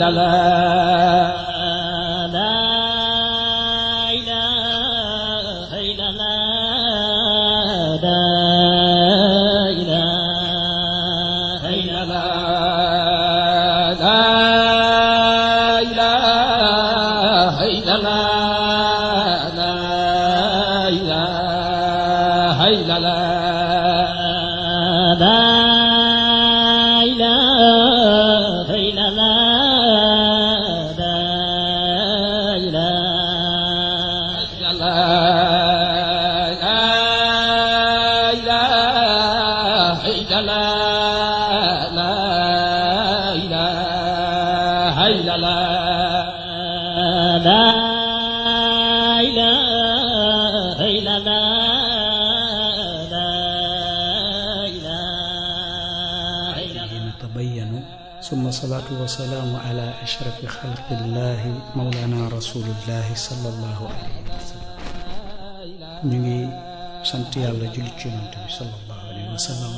la la yatabayyanu summa salaatu wa salaamu ala ashrafi xalqillahi mawlana rasulillahi sallallahu alayhi wa sallam ñu ngi sant yàlla julli ci yonante bi sallallahu alayhi wa sallam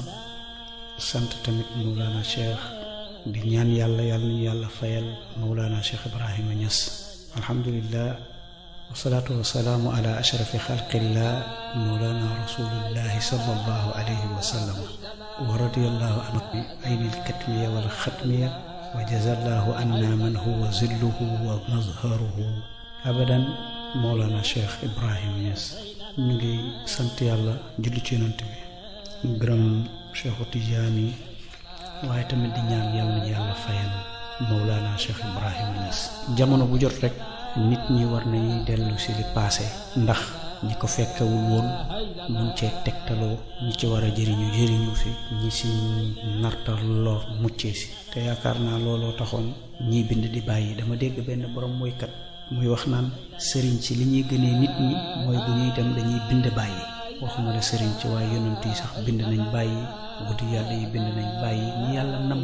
sant tamit mawlana cheikh di ñaan yàlla yàlla ñu yàlla fayal mawlana cheikh Ibrahima Niass alhamdulillah wa salaatu wa salaamu ala ashrafi xalqillah mawlana rasulillahi sallallahu alayhi wa sallam wa radiyallahu an bi aynil katmiya wal xatmiya wa jazallahu anna man huwa zilluhu wa mazharuhu abadan moolana cheikh ibrahim Niass ñu ngi sant yàlla julli ci yonent bi ñu gërëm cheikhu tijaani waaye tamit di ñaan yàlla yàlla fayal moolana cheikh ibrahim Niass jamono bu jot rek nit ñi war nañuy dellu si li passé ndax ñi ko fekkewul woon mun cee tegtaloo ñi ci war a jëriñu jëriñu fi ñi si narta lor muccee si te yaakaar naa looloo taxoon ñiy bind di bàyyi dama dégg benn borom woykat muy wax naan sëriñ si li ñuy gënee nit ñi mooy bu ñuy dem dañuy bind bàyyi waxuma la sëriñ ci waaye yonent yi sax bind nañu bàyyi guddi yàlla yi bind nañ bàyyi ñi yàlla namm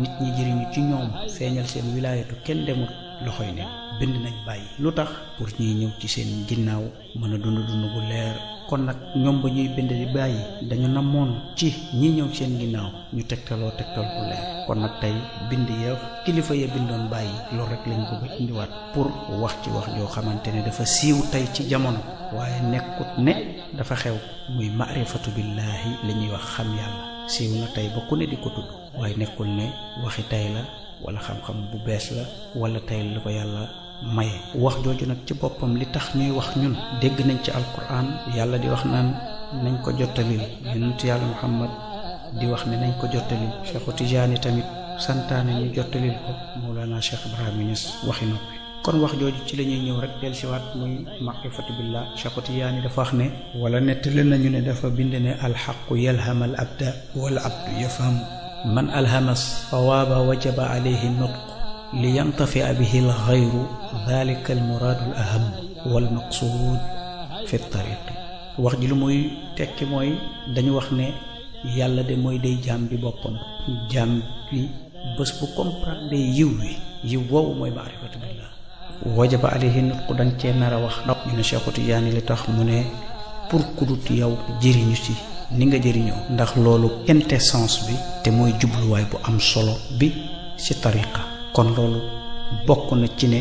nit ñi jëriñu ci ñoom feeñal seen wilaayatu kenn demul loxoy neen bind nañ bàyyi lu tax pour ñuy ñëw ci seen ginnaaw mën a dund dund bu leer kon nag ñoom ba ñuy bind di bàyyi dañu namoon ci ñi ñëw seen ginnaaw ñu tegtaloo tegtal bu leer kon nag tey bind ya kilifa ya bindoon bàyyi loolu rek lañ ko indiwaat pour wax ci wax joo xamante ne dafa siiw tey ci jamono waaye nekkut ne dafa xew muy maarifatu billaahi li ñuy wax xam yàlla siiw na tey bokku ku ne di ko tudd waaye nekkul ne waxi tey la wala xam-xam bu bees la wala tey la yàlla maye wax jooju nag ci boppam li tax ñuy wax ñun dégg nañ ci alquran yàlla di wax na nañ ko jottalil yonent yàlla muhammad di wax ne nañ ko jottalil cheikhu tijaani tamit santaane ñu jottalil ko mawlana cheikh ibrahima ñas waxi noppi kon wax jooju ci lañuy ñuy ñëw rek del siwaat muy maarifatu billah cheikhu tijaani dafa wax ne wala nettali ñu ne dafa bind ne alxaqu yalhamal abda wal abdu yafhamu man alhamas sawaaba wajaba alayhi nutq li yantafia bihi lxayru dalika almuraadu al aham walmaqsuud fi tariq wax ji lu muy tekki mooy dañu wax ne yàlla de mooy day jaam bi boppam jaam bi bés bu comprendre yiw wi yiw woowu mooy maarifatu billah wajaba alayhi nutqu dañ cee nar a wax ndax ñu ne li tax mu ne pour kudut yow ci ni nga jëriñoo ndax loolu quintessence bi te mooy jubluwaay bu am solo bi ci tariqa kon loolu bokk na ci ne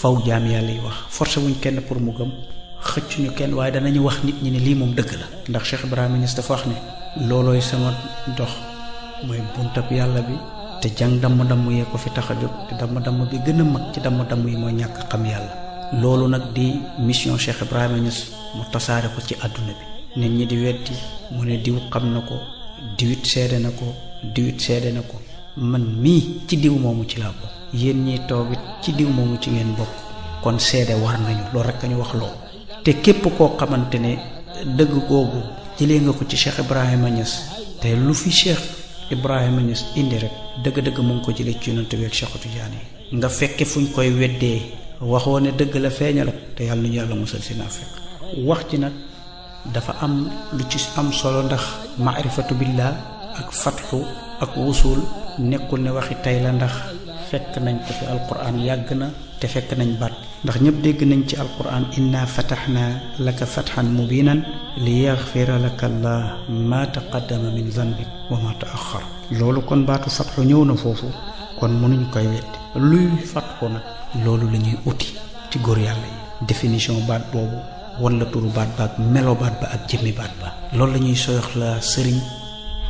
faw jaam yàlla yi wax forcé wuñ kenn pour mu gëm xëccuñu kenn waaye danañu wax nit ñi ne lii moom dëgg la ndax Cheikh Ibrahima Niass dafa wax ne loolooy sama dox mooy buntab yàlla bi te jàng damm-damm yee ko fi tax a jóg te damm-damm bi gën a mag ci damm-damm yi mooy ñàkk xam yàlla loolu nag di mission Cheikh Ibrahima Niass mu tasaare ko ci àdduna bi nit ñi di weddi mu ne diw xam na ko diwit seede na ko diwit seede na ko man mii ci diw moomu ci laa bokk yéen ñiy toog ci diw moomu ci ngeen bokk kon seede war nañu loolu rek ñu wax loo te képp koo xamante ne dëgg googu jëlee nga ko ci Cheikh Ibrahima Niass te lu fi Cheikh Ibrahima Niass indi rek dëgg-dëgg mu ngi ko jëlee ci yonante bi ak Cheikh Tidiane yi nga fekke fuñ koy weddee waxoo ne dëgg la feeñal te yàlla ñu yàlla musal si naa fekk wax ci nag dafa am lu ci am solo ndax maarifatu billah ak fatxu ak wusul nekkul ne waxi tey la ndax fekk nañ ko fi alquran yàgg na te fekk nañ baat ndax ñëpp dégg nañ ci alquran inna fataxna laka fatxan mubinan li yaxfira laka allah ma taqaddama min zanbik wa ma taaxar loolu kon baatu fatxu ñëw na foofu kon mënuñ koy weddi luy fatxu nag loolu la ñuy uti ci góor yàlla yi définition baat boobu la turu baat ba ak melo baat ba ak jëmmi baat ba loolu la ñuy la sëriñ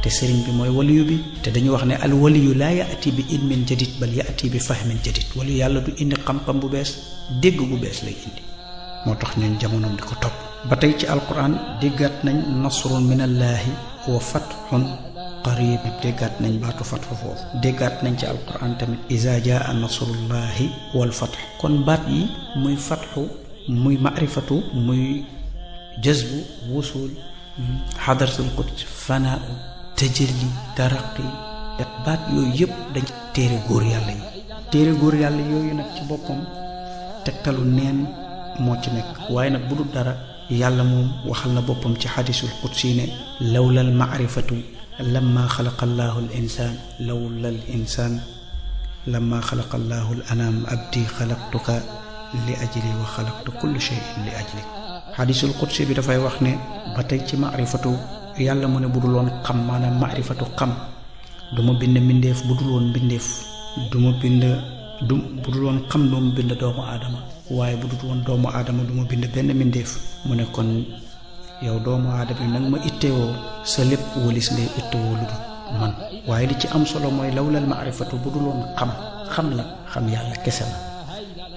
te sëriñ bi mooy waliyu bi te dañu wax ne al waliyu laa yaati bi ilmin jadid bal yaati bi fahmin jadid waliyu yàlla du indi xam-xam bu bees dégg bu bees lay indi moo tax ñun jamonoom di ko topp ba tey ci alquran déggaat nañ nasrun min allaahi wa fathun qarib déggaat nañ baatu fatx foofu déggaat nañ ci alquran tamit iza jaa nasrullahi wal fatx kon baat yi muy fatxu muy maarifatu muy jazbu wusul xadaratul quds fanaa tëjëli taraqi baat yooyu yëpp dañ téere góor yàlla yi téere góor yàlla yooyu nag ci boppam tegtalu neen moo ci nekk waaye nag bu dul dara yàlla moom waxal na boppam ci xadisul qudsi ne law la maarifatu lamma xalaqa allahu al insaan lawla al insaan lamma xalaqa allahu al anaam abdi xalaqtuka li ajli wa xalaqtu kulli shay'in li ajlik xadisul qudsi bi dafay wax ne ba tey ci maarifatu yàlla mu ne bu dul woon xam maanaam maarifatu xam du ma bind mbindeef bu dul woon mbindeef du ma bind du bu dul woon xam du bind doomu aadama waaye bu dul woon doomu aadama du ma bind benn mbindeef mu ne kon yow doomu aadama yi nag ma ittewoo sa lépp walis ngay ittewoo lu dul man waaye li ci am solo mooy lawlal maarifatu bu dul woon xam xam la xam yàlla kese la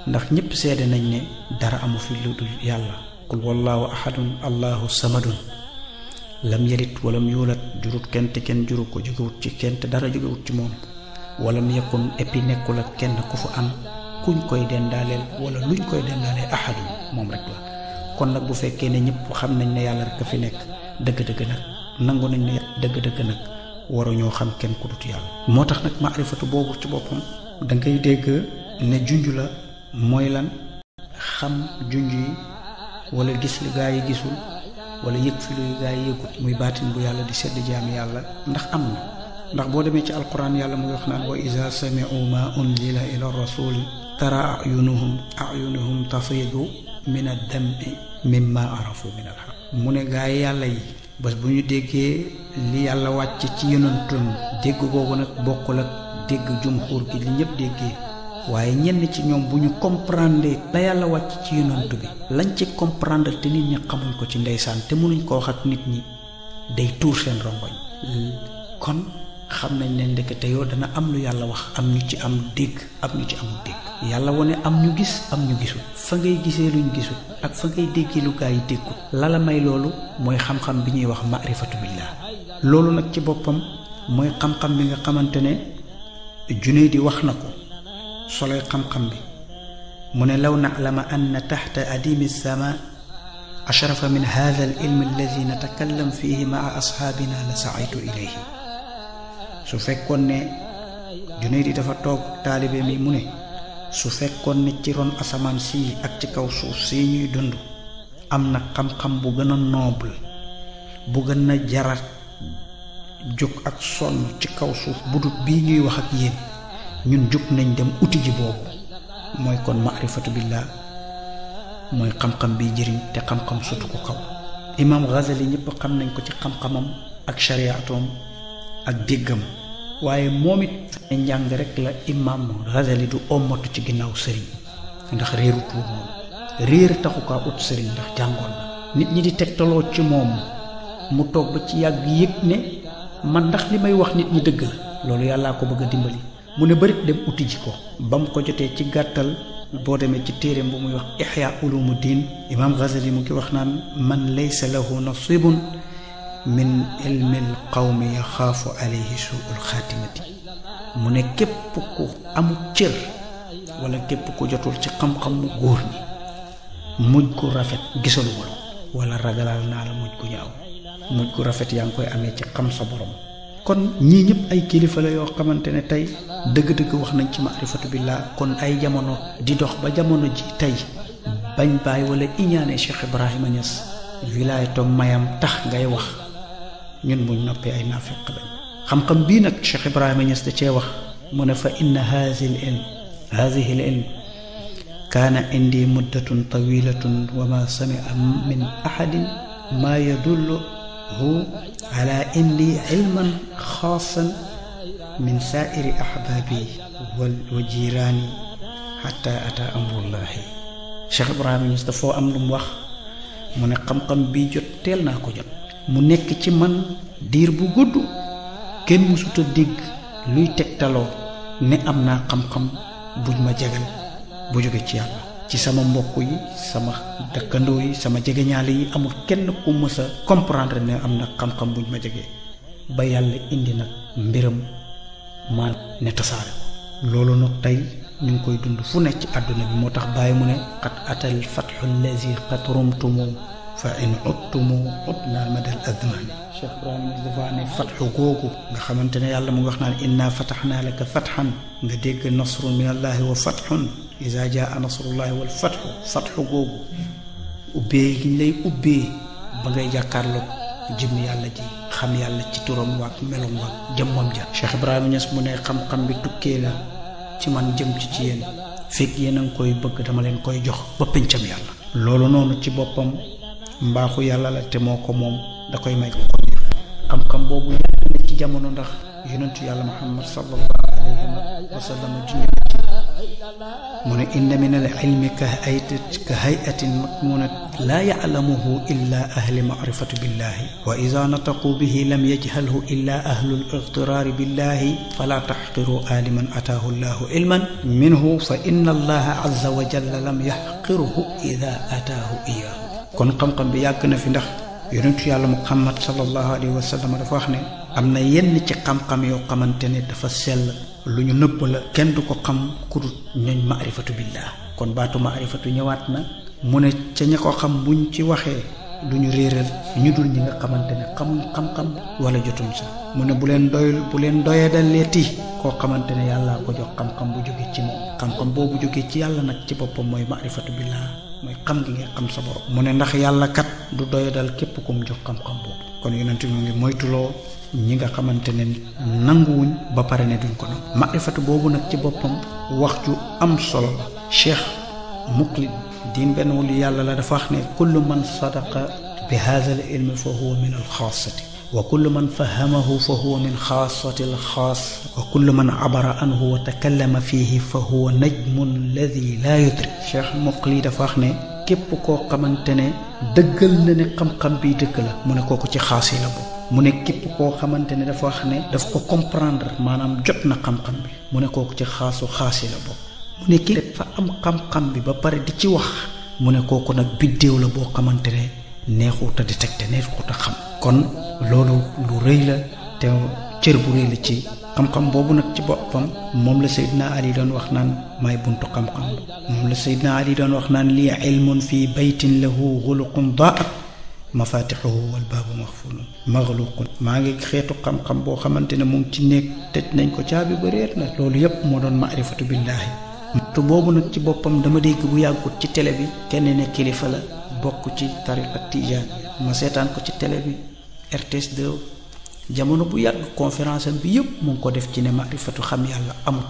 ndax ñëpp seede nañ ne dara amu fi lu dul yàlla qul wallahu ahadun allahu samadun lam yalit walam yuulat jurut kenn te kenn juru ko jógewut ci kenn te dara jógewut ci moom walam yakun epi nekkul ak kenn ku fa am kuñ koy dendaaleel wala luñ koy dendaaleel moom rek kon nag bu fekkee ne ñëpp xam nañ ne yàlla rek a fi nekk dëgg-dëgg nag nangu nañ ne dëgg-dëgg nag waruñoo xam kenn ku dut yàlla moo tax nag maarifatu boobu ci boppam da ngay dégg ne junj la mooy lan xam junj yi wala gis li gaa yi gisul wala yëg fi luy gaa yëgut muy baatin bu yàlla di sedd jaami yàlla ndax am na ndax boo demee ci alquran yàlla mu wax naan wa iza sami'u ma unzila ila rasul tara ayunuhum ayunuhum tafidu min ad-dam'i mimma arafu min al mu ne gaa yi yàlla yi bés bu ñu déggee li yàlla wàcc ci yonantoon dégg googu nag bokkul ak dégg jumxuur gi li ñëpp déggee waaye ñenn ci ñoom bu ñu comprendre la yàlla wàcc ci yonant bi lañ ci comprendre te nit ñi xamuñ ko ci ndeysaan te mënuñ ko wax ak nit ñi day tuur seen rongoñ kon xam nañ ne ndekete yoo dana am lu yàlla wax am ñu ci am dégg am ñu ci am dégg yàlla wone am ñu gis am ñu gisul fa ngay gisee luñ gisul ak fa ngay déggee lu gaa yi déggul la la may loolu mooy xam-xam bi ñuy wax maarifatu billah loolu nag ci boppam mooy xam-xam bi nga xamante ne junne di wax na soloy xam-xam bi mu ne law naclama ann taxta adimi sama ashrafa min hada al ilm alladi natakallam fihi maa asxaabina la saaytu ilayhi su fekkoon ne Junayd yi dafa toog taalibe mi mu ne su fekkoon ne ci ron asamaan sii ak ci kaw suuf sii ñuy dund am na xam-xam bu gën nooble bu gën a jarat jóg ak sonn ci kaw suuf budut bii ñuy wax ak yéen ñun jóg nañ dem uti ji boobu mooy kon maarifatu billah mooy xam-xam bi jëriñ te xam-xam sutu ko kaw imaam Ghazali ñëpp xam nañ ko ci xam-xamam ak shariatoom ak déggam waaye moom it ne njàng rek la imaam Ghazali du ommatu ci ginnaaw sëriñ ndax réerut wu moom réer taxu kaa ut sëriñ ndax jàngoon na nit ñi di teg tegtaloo ci moom mu toog ba ci yàgg yëg ne man ndax li may wax nit ñi dëgg la loolu yàllaa ko bëgg a dimbali mu ne bërit dem uti ji ko ba mu ko jotee ci gàttal boo demee ci téereem bu muy wax ixya ulumu diin imaam Ghazali mu ki wax naan man laysa lahu nasibun min ilmi alqawmi yaxaafu alayhi suul xaatimati mu ne képp ku amul cër wala képp ku jotul ci xam mu góor ñi mujj ku rafet gisalu wala ragalaal naa la mujj ku ñaaw mujj ku rafet yaa ngi koy amee ci xam sa borom kon ñii ñëpp ay kilifa la yoo xamante ne tey dëgg-dëgg wax nañ ci maarifatu billah kon ay jamono di dox ba jamono ji tey bañ bàyyi wala iñaane Cheikh Ibrahima Niass wilaayatoom mayam tax ngay wax ñun buñ noppee ay naafeq xam-xam bii nag Cheikh Ibrahima Niass da cee wax mu ne fa inna haadihi l ilm haadihi kaana indi muddatun tawilatun wa ma samia min ahadin maa yadullu hu ala in li ilman xaasan min saairi ahbaabi wal wa jiraani amrullahi Cheikh Ibrahima Niass dafoo am lu mu wax mu ne xam-xam bii jot teel naa ko jot mu nekk ci man diir bu gudd kenn mësuta dégg luy tegtaloo ne am naa xam-xam buñ ma jagal bu jóge ci yàlla ci sama mbokk yi sama dëkkandoo yi sama jegeñaale yi amul kenn ku mësa a ne am na xam-xam buñ ma jegee ba yàlla indi nag mbiram ma ne tasaare loolu nag tey ñu ngi koy dund fu ne ci àdduna bi moo tax bàyyi mu ne xat atal fatxu allazi xat rumtumu fa in uttumu utna madal azman Cheikh Ibrahima dafa ne fatxu googu nga xamante ne yàlla mu wax naa naan naa fataxnaa laka fatxan nga dégg nasru min allahi wa fatxun iza jaa nasrullahi wal fatxu fatxu googu ubbee gi ñu lay ubbee ba ngay jàkkaarloo jëm yàlla ji xam yàlla ci turam waak melom waak jëmmam ja Cheikh Ibrahima mu ne xam-xam bi tukkee la ci man jëm ci ci yéen fekk yéen a koy bëgg dama leen koy jox ba pencam yàlla loolu noonu mbaaxu yàlla la te moo ko moom da koy may ko ko xam-xam boobu yàgg na ci jamono ndax yonentu yàlla muhammad sallallahu alayhi wa sallam junj na ci mu ne inna min al ilmi ka ka hayatin makmunat laa yaclamuhu illa ahli macrifatu billahi wa ida nataqu bihi lam yajhalhu illa ahlu ligtiraari billahi fala taxqiru aaliman ataahu llahu ilman minhu fa inna allaha azza wa jalla lam yaxqirhu ida ataahu iyaahu kon xam-xam bi yàgg na fi ndax yonentu yàlla muhammad sallallahu alayhi wa sallam dafa wax ne am na yenn ci xam-xam yoo xamante ne dafa sell lu ñu nëbb la kenn du ko xam ku dul ma maarifatu billah kon baatu ma maarifatu ñëwaat na mu ne ca ña ko xam buñ ci waxee du ñu réeral ñu dul ñi nga xamante xamuñ xam-xam wala jotuñ sax mu ne bu leen doy bu leen doyadaleeti koo xamante ne yàllaa ko jox xam-xam bu jóge ci moom xam-xam boobu jógee ci yàlla nag ci boppam mooy maarifatu billah mooy xam gi nga xam sa borom mu ne ndax yàlla kat du doy dal képp ku mu jox xam-xam boobu kon yonent bi mu ngi moytuloo ñi nga xamante ne nanguwuñ ba pare ne duñ ko nag maarifatu boobu nag ci boppam wax ju am solo la cheikh muqlid diin benn wali yàlla la dafa wax ne kullu man sadaqa bi haazal ilmi fa huwa min alxaasati wa kullu man fahamahu fa huwa min xaasati alxaas wa kullu man abara anhu wa takallama fiihi fa huwa najmun alladi laa yudrik cheikh lii dafa wax ne képp koo xamante ne dëggal na ne xam-xam bi dëgg la mu ne kooku ci xaas mu ne képp koo xamante ne dafa wax ne daf ko comprendre maanaam jot na xam-xam mu ne kooku ci xaasu xaas yi la bokk mu ne kii dafa am xam-xam bi ba pare di ci wax mu ne kooku nag biddéew la boo xamante ne neexut di détecté neexut a xam kon loolu lu rëy la te cër bu rëy la ci xam-xam boobu nag ci boppam moom la Seydina Ali doon wax naan maay buntu xam-xam moom la Seydina Ali doon wax naan lii ilmun fii baytin la lahu xuluqun daat mafatixuhu wal baabu maxfulun maxluqun maa ngi xeetu xam-xam boo xamante ne mu ngi ci néeg tëj nañ ko caabi ba réer na loolu yépp moo doon maarifatu billaahi tu boobu nag ci boppam dama dégg bu yàggut ci tele bi kenn ne kilifa la bokk ci tariqa tijaan ma seetaan ko ci télé RTS 2 jamono bu yàgg conférence bi yépp mu ngi ko def ci ne maarifatu xam yàlla amut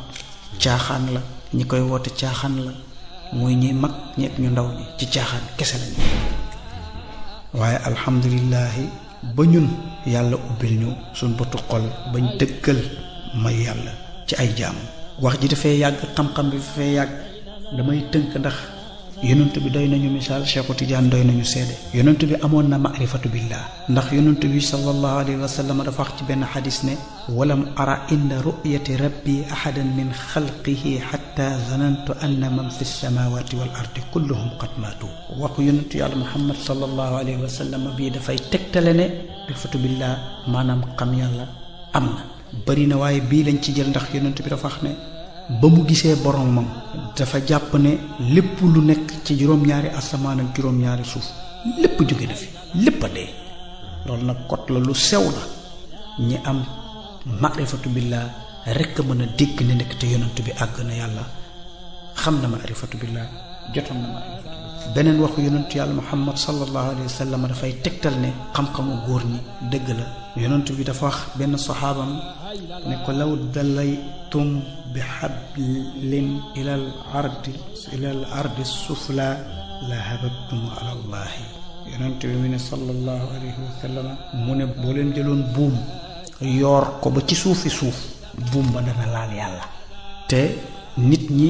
caaxaan la ñi koy woote caaxaan la mooy ñi mag ñeeg ñu ndaw ñi ci caaxaan kese lañu waaye alhamdulilahi ba ñun yàlla ubbil ñu suñ bëtu xol bañ dëkkal may yàlla ci ay jaamu wax ji dafay yàgg xam-xam bi dafay yàgg damay tënk ndax yonent bi doy nañu misaal Cheikhu Tidiane doy nañu seede yonent bi amoon na maarifatu billah ndax yonent bi sallallahu alayhi wa dafa wax ci benn xadis ne walam ara inda ru'yati rabbi ahadan min xalqihi xatta zanantu anna man fi samawati wal ardi kulluhum qad maatu waxu yonentu yàlla muhammad sallallahu alayhi wa sallam bii dafay tegtale ne maarifatu billah maanaam xam yàlla am na bëri na waaye bii lañ ci jël ndax yonent bi dafa wax ne ba mu gisee boromam dafa jàpp ne lépp lu nekk ci juróom-ñaari asamaan ak juróom-ñaari suuf lépp jóge na fi lépp a dee loolu nag kot la lu sew la ñi am maarifatu billaa rekk mën a dégg ne nekk te yonent bi àgg na yàlla xam na maarifatu billaa jotoon na maarifatu beneen waxu yonentu yàlla muhammad sallallahu alayhi wa sallam dafay tegtal ne xam-xamu góor ñi dëgg la yonent bi dafa wax benn saxaabam ne ko law dalaytum bi xablin ilal ardi ilal ardi sufla la habattum ala allahi yonent bi mu ne sallallahu alayhi mu ne boo leen jëloon buum yoor ko ba ci suuf suufi suuf buum ba dana laal yàlla te nit ñi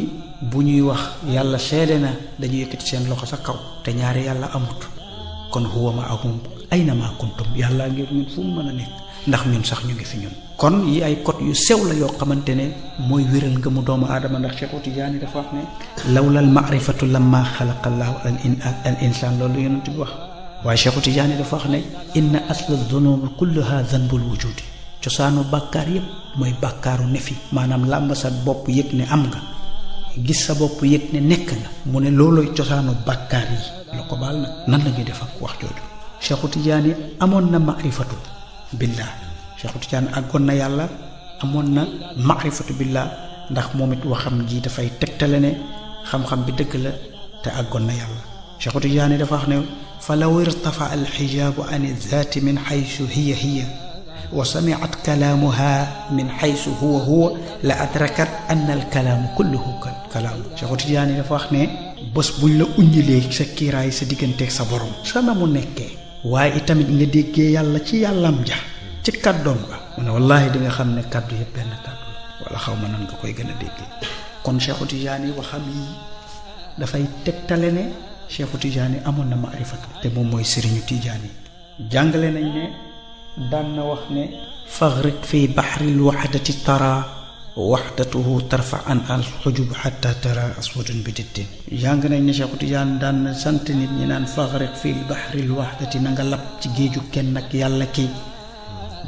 bu ñuy wax yàlla seede na dañu yëkkati seen loxo sa kaw te ñaari yàlla amut kon huwa ma akum ayna ma kuntum yàlla ngir ñun fu mën a nekk ndax ñun sax ñu ngi fi ñun kon yi ay code yu sew la yoo xamante ne mooy wéral nga mu doomu aadama ndax Cheikhu Tijaani dafa wax ne lawlal maarifatu lamma xalaqa llaahu al insaan loolu yonent bi wax waaye Cheikhu Tijaani dafa wax ne inna asla dunubi kulluha zanbul wujudi cosaanu bàkkaar yépp mooy bàkkaaru ne fi maanaam làmb sa bopp yëg ne am nga gis sa bopp yëg ne nekk nga mu ne loolooy cosaanu bàkkaar yi la ko baal nag nan la ñuy def ak wax jooju Cheikhu Tijaani amoon na maarifatu Cheikhu ak àggoon na yàlla amoon na maarifatu billah ndax moom it waxam ji dafay tegtale ne xam-xam bi dëgg la te àggoon na yàlla Cheikhu Tidiane dafa wax ne falaw irtafa alxijaabu an zaati min xaysu hiya hiya wa samiat kalaamuha min xaysu huwa la adrakat ne bés buñ la uññilee sa kiiraay sa digganteeg sa borom sa mu nekkee waaye itamit nga déggee yàlla ci yàllam ja ci kàddoom ga mu ne wallaahi di nga xam ne kàddu yëpp benn kàddu la wala xaw ma nan nga koy gën a déggee kon Cheikhu Tijaani waxam yi dafay tegtale ne Cheikhu Tijaani amoon na maarifat te moom mooy sëriñu Tijaani jàngale nañ ne daan na wax ne faxriq fi baxril waxdati tara waxdatuhu tarfa an al xujub xata tara aswadun bi dittin jàng nañ ne Cheikhu Tijaani daan na sant nit ñi naan faxriq fi baxril waxdati na nga ci géeju kenn ak yàlla ki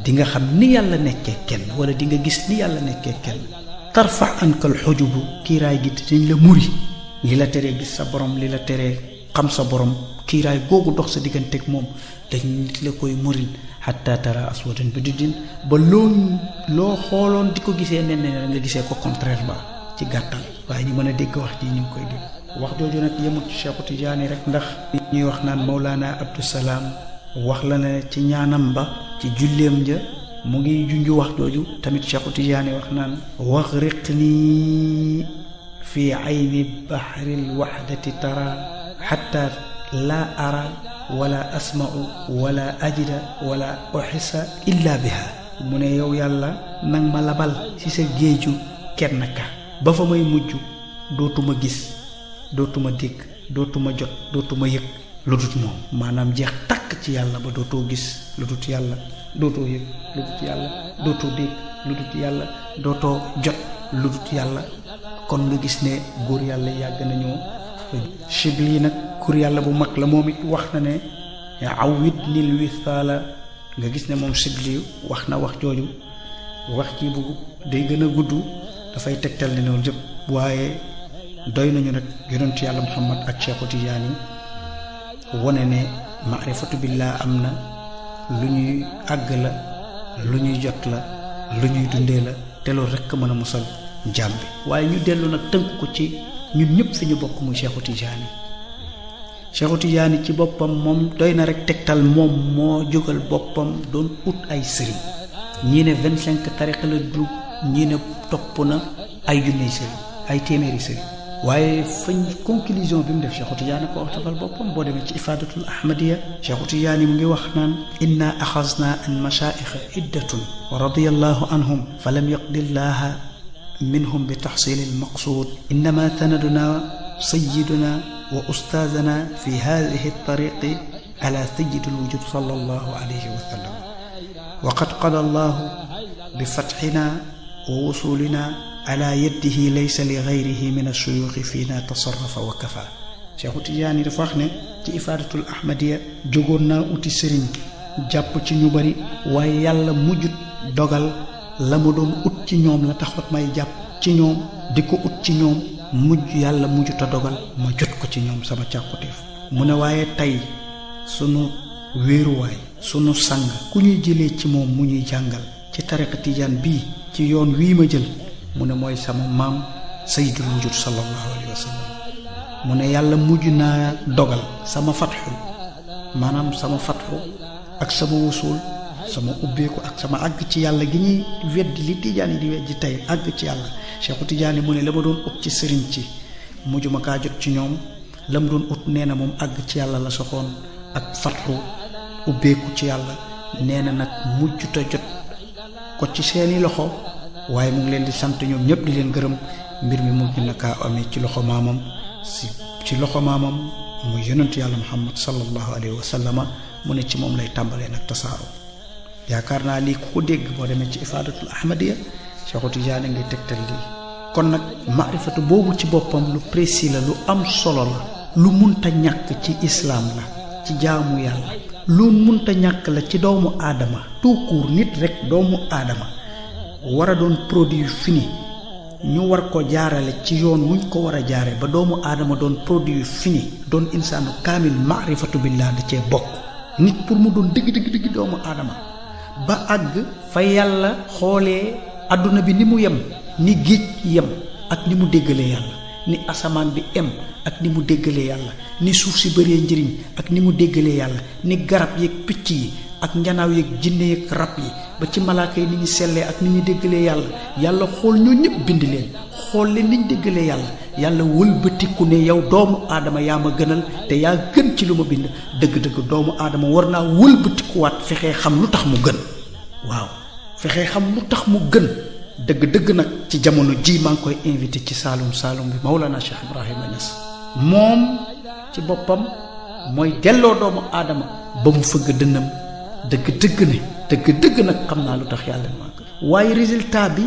di nga xam ni yàlla nekkee kenn wala di nga gis ni yàlla nekkee kenn tarfax ankal xojubu kiiraay gi dañ la muri li la teree gis sa borom li la teree xam sa borom kiiraay googu dox sa digganteeg moom dañ la koy muril xatta tara aswatan bi duddin ba loo loo xooloon di ko gisee nen ne nga gisee ko contraire ba ci gàttal waaye ñu mën a dégg wax ji ñu ngi koy dégg wax jooju nag yemut Cheikhu Tijaani rek ndax ñuy wax naan Mawlaana Abdou Salaam wax la ne ci ñaanam ba ci julleem ja mu ngi junj wax jooju tamit Cheikhu Tijaani wax naan waxriq nii fi ayni bahril waxdati tara xatta laa ara wala asmau wala ajida wala oxisa illa biha mu ne yow yàlla nang ma labal ci sa géeju kenn ka ba fa may mujj dootuma gis dootuma dégg dootuma jot dootuma yëg lu dut moom maanaam jeex tàkk ci yàlla ba dootoo gis lu dut yàlla dootoo yëg lu dut yàlla dootoo dégg lu dut yàlla dootoo jot lu dut yàlla kon nga gis ne góor yàlla yàgg nañoo chibli nag góor yàlla bu mag la moom it wax na ne aw awit nil wisaala nga gis ne moom chibli wax na wax jooju wax ci bu day gën a gudd dafay tegtal ne loolu yëpp waaye doy nañu nag yonent yàlla muhammad ak Cheikhu Tijaani ne maarifatu billah am na lu ñuy àgg la lu ñuy jot la lu ñuy dundee la te loolu rekk mën a musal jaam bi waaye ñu dellu nag tënk ko ci ñun ñëpp fi bokk mu Cheikhu Tijaani Cheikhu Tijaani ci boppam moom doy na rek tegtal moom moo jógal boppam doon ut ay sëriñ ñii ne vingt cinq tariqa la dugg ñii ne topp na ay junniy sëriñ ay téeméeri sëriñ waaye fañ conclusion bi mu def Cheikhu Tijaani ko waxtafal boppam boo demee ci ifaadatul ahmadiya Cheikhu Tijaani mu ngi wax naan inna axasna an mashaayikha iddatun wa radiyallahu anhum fa lam yaqdillaha minhum bi taxsilil maqsuud innama sanaduna sayiduna wa ustaazana fi hadihi tariqi ala sayidi lwujud sallallahu alayhi wa sallam wa qad qada allahu bi fatxina wa wusulina ala yaddihi laysa li gayrihi min asuyuuxi fii na tasarrafa wa kafa Cheikhu yi dafa wax ne ci ifaadatul ahmadiya jógoon naa uti sëriñ jàpp ci ñu bari waaye yàlla mujjut dogal la ma doon ut ci ñoom la taxoot may jàpp ci ñoom di ko ut ci ñoom mujj yàlla mujjut a dogal ma jot ko ci ñoom sama càkkutéef mu ne waaye tey sunu wéeruwaay sunu sang ku ñuy jëlee ci moom mu ñuy jàngal ci tariqa tijaan bii ci yoon wii ma jël mu ne mooy sama maam sayyidul wujud sallallahu alayhi wa mu ne yàlla mujj naa dogal sama fatxu maanaam sama fatxu ak sama wusul sama ubbeeku ak sama àgg ci yàlla gi ñuy weddi li tijaan yi di weddi tey àgg ci yàlla Cheikhu Tijaani mu ne la ma doon ut ci sëriñ ci mujj ma kaa jot ci ñoom la mu doon ut nee na moom àgg ci yàlla la soxoon ak fatxu ubbeeku ci yàlla nee na nag mujj jot ko ci seeni loxo waaye mu ngi leen di sant ñoom ñëpp di leen gërëm mbir mi mu ngi na kaa amee ci loxo maamam si ci loxo maamam muy yonentu yàlla muhammad sallallahu alayhi wa sallama mu ne ci moom lay tàmbalee nag tasaaroo yaakaar naa lii ku ko dégg boo demee ci ifaadatul ahmadiya Cheikhu Tijaani ngay tegtal lii kon nag maarifatu boobu ci boppam lu précis la lu am solo la lu munta ñàkk ci islaam la ci jaamu yàlla lu munta ñàkk la ci doomu aadama tout court nit rek doomu aadama war a doon produit fini ñu war ko jaarale ci yoon wuñ ko war a jaare ba doomu aadama doon produit fini doon insaanu kaamil maarifatu billah di cee bokk nit pour mu doon dëgg dëgg dëgg doomu aadama ba àgg fa yàlla xoolee adduna bi ni mu yem ni géej yem ak ni mu déggalee yàlla ni asamaan bi em ak ni mu déggalee yàlla ni suuf si bëree njëriñ ak ni mu déggalee yàlla ni garab yeeg picc yi ak njanaaw yeeg jinne yeeg rab yi ba ci malaaka yi ni ñu sellee ak ni ñu déggalee yàlla yàlla xool ñoo ñëpp bind leen xool leen ni ñu déggalee yàlla yàlla wëlbatiku ne yow doomu aadama yaa ma gënal te yaa gën ci lu ma bind dëgg-dëgg doomu aadama war naa wëlbatikuwaat fexee xam lu tax mu gën waaw fexee xam lu tax mu gën dëgg-dëgg nag ci jamono jii maa ngi koy invité ci Saalum Saalum bi Maulana Cheikh Ibrahima Niass moom ci boppam mooy delloo doomu aadama fëgg dënnam dëgg dëgg ne dëgg dëgg nag xam naa lu tax yàlla màgg waaye résultat bi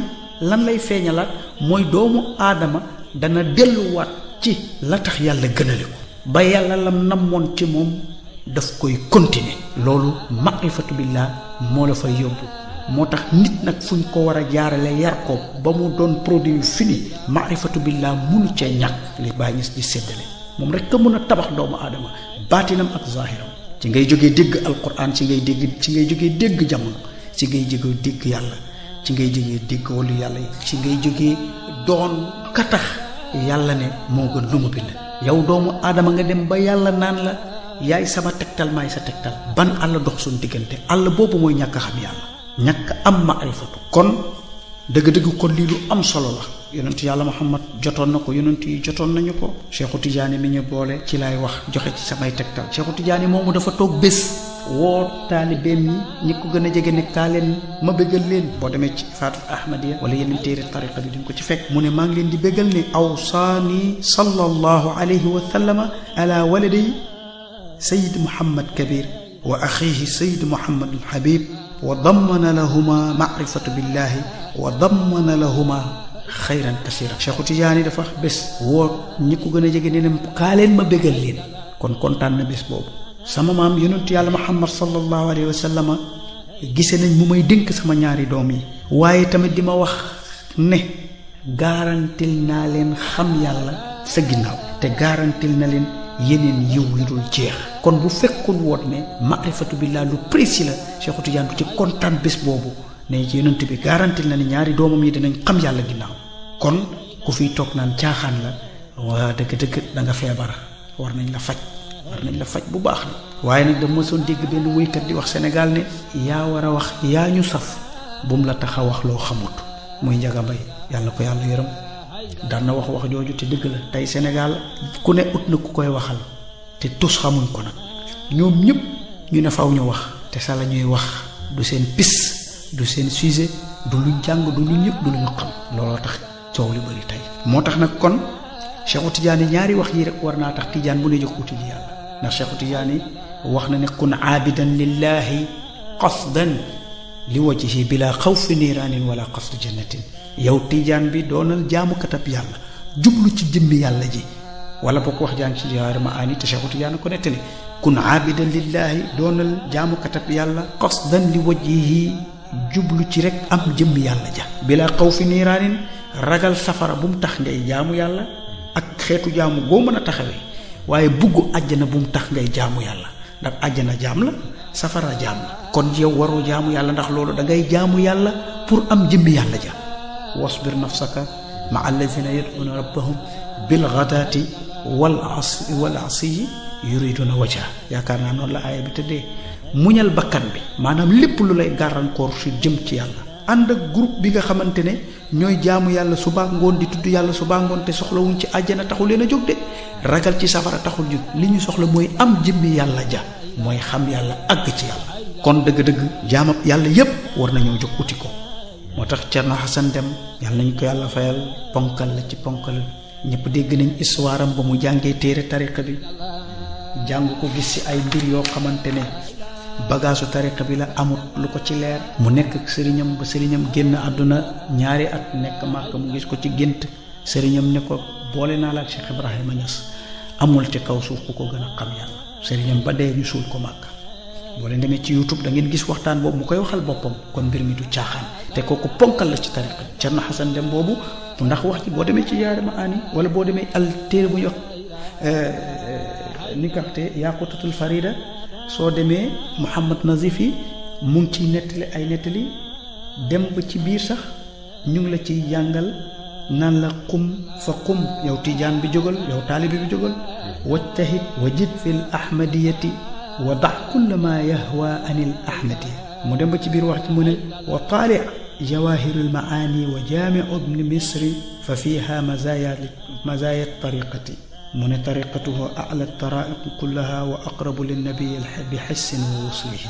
lan lay feeñalaat mooy doomu aadama dana delluwaat ci la tax yàlla gënale ko ba yàlla lam namoon ci moom daf koy continuer loolu ma'rifatu billah moo la fa yóbbu moo tax nit nag fuñ ko war a jaarale yar ko ba mu doon produit fini ma'rifatu billah munu cee ñàkk li bàyyi ñis di séddale moom rek a mën a tabax doomu aadama baatinam ak zahiram ci ngay jógee dégg alquran ci ngay dégg ci ngay jógee dégg jamono ci ngay jógee dégg yàlla ci ngay jógee dégg wàllu yàlla yi ci ngay jógee doon katax yàlla ne moo gën lu ma bind yow doomu aadama nga dem ba yàlla naan la yaay sama tegtal maay sa tegtal ban àll dox suñu diggante àll boobu mooy ñàkk xam yàlla ñàkk am ma ay foto kon dëgg-dëgg kon lii lu am solo la yonent yàlla Muhammad jotoon na ko yonent yi jotoon nañu ko Cheikhu Tidiane mi ñu boole ci laay wax joxe ci samay tegtal Cheikhu Tidiane moomu dafa toog bés woo taalibeem yi ñi ko gën a jege ne leen ma bëggal leen boo demee ci Faatu Ahmadiya wala yeneen téere tariqa bi duñ ko ci fekk mu ne maa ngi leen di bëggal ne awsaani sallallahu alayhi wa sallama ala waladay sayid Muhammad Kabir wa axiihi sayid Muhammad al Habib wa dammana lahuma maarifatu ma wa dammana lahuma xayran kasira Cheikhu Tijaani dafa bés woo ñi ko gën a jege ne na kaa leen ma bégal leen kon kontaan na bés boobu sama maam yonentu yàlla muhammad sallallahu alayhi wa sallam gise nañ mu may dénk sama ñaari doom waaye tamit di ma wax ne garantil naa leen xam yàlla sa ginnaaw te garantil na leen yeneen yiw yi dul jeex kon bu fekkul woon ne maarifatu billah lu précis la du ci kontaan bés boobu ne ci yonent bi garantil na ne ñaari doomam yi dinañ xam yàlla ginnaaw kon ku fiy toog naan caaxaan la waa feebar war nañ la faj war la faj bu baax waaye nag dama soon dégg benn woykat di wax Sénégal yaa war a wax yaa ñu saf bum la tax wax loo xamut muy njaga mbay yàlla ko yàlla yërëm daan na wax wax jooju te dëgg la tey Sénégal ku ne na ku koy waxal te tus xamuñ ko nag ñoom ñëpp ñu ne faw ñu wax te sax la ñuy wax du seen pis du seen sujet du lu jàng du lu ñëpp du lu ñu xam looloo tax coow li bari tey moo tax nag kon Cheikhu Tidiane ñaari wax yi rek war naa tax Tidiane bu ne jox uti ji yàlla ndax Cheikhu Tidiane wax na ne kun aabidan lillahi qasdan li wajhihi bila xawfi niiraanin wala qasdi jannatin yow Tidiane bi doonal jaamukatab yàlla jublu ci jëmmi yàlla ji wala boo ko wax jaan ci jawaar ma aani te Cheikhu Tidiane ko nettali kun aabidan lillahi doonal jaamukatab jublu ci rek am jëmm yàlla ja bilaa xaw fi niiraanin ragal safara bu mu tax ngay jaamu yàlla ak xeetu jaamu goo mën a taxawee waaye bugg àjjana bu mu tax ngay jaamu yàlla ndax àjj na jaam la safara jaam la kon yow waroo jaamu yàlla ndax loolu da ngay jaamu yàlla pour am jëmmi yàlla ja wasbir nafsaka ma allazina yad'una rabbahum bil ghadaati wal asyi yuriduna wajha yaakaar naa noonu la aaya bi tëddee muñal bakkan bi maanaam lépp lu lay gàllankoor su jëm ci yàlla ànd ak groupe bi nga xamante ne ñooy jaamu yàlla suba ngoon di tudd yàlla suba ngoon te soxlawuñ ci àjjana taxul leen a jóg de ragal ci safara taxul jóg li ñu soxla mooy am jëmmi yàlla ja mooy xam yàlla àgg ci yàlla kon dëgg-dëgg jaamab yàlla yépp war nañoo jóg uti ko moo tax Cerno Xasan Dem yàlla nañ ko yàlla fayal ponkal la ci ponkal ñëpp dégg nañ histoire ba mu jàngee téere tariqa jàng ko gis ci ay mbir yoo xamante ne bagaasu tariqa bi la amut lu ko ci leer mu nekk sëriñam ba sëriñam génn àdduna ñaari at nekk màkk mu gis ko ci gént sëriñam ne ko boole naa la ak Cheikh Ibrahima Niass amul ci kaw suuf ku ko gën a xam yàlla sëriñam ba dee ñu suul ko màkk boo leen demee ci youtube da ngeen gis waxtaan boobu mu koy waxal boppam kon mbir mi du caaxaan te kooku ponkal la ci tariqa bi na Xasan dem boobu ndax wax ci boo demee ci yaarama aani wala boo demee al bu ñu wax euh, euh, ni nga xam soo demee Mouhamad Nazif yi mu ngi ci nettali ay nettali dem ci biir sax ñu ngi la ciy jàngal naan la qum fa qum yow tijaan bi jógal yow taalibi bi jógal wajtahid wajid fil ahmadiyati wa dax kulla ma yahwa anil ahmadi mu dem ba ci biir wax ci mu ne wa taali jawahirul maani wa jaamiu ibni misri fa fiha mazaya tariqati mu ne tariqatuhu ala taraiqi kullaha wa aqrabu linnabii bi xessin wa wuslihi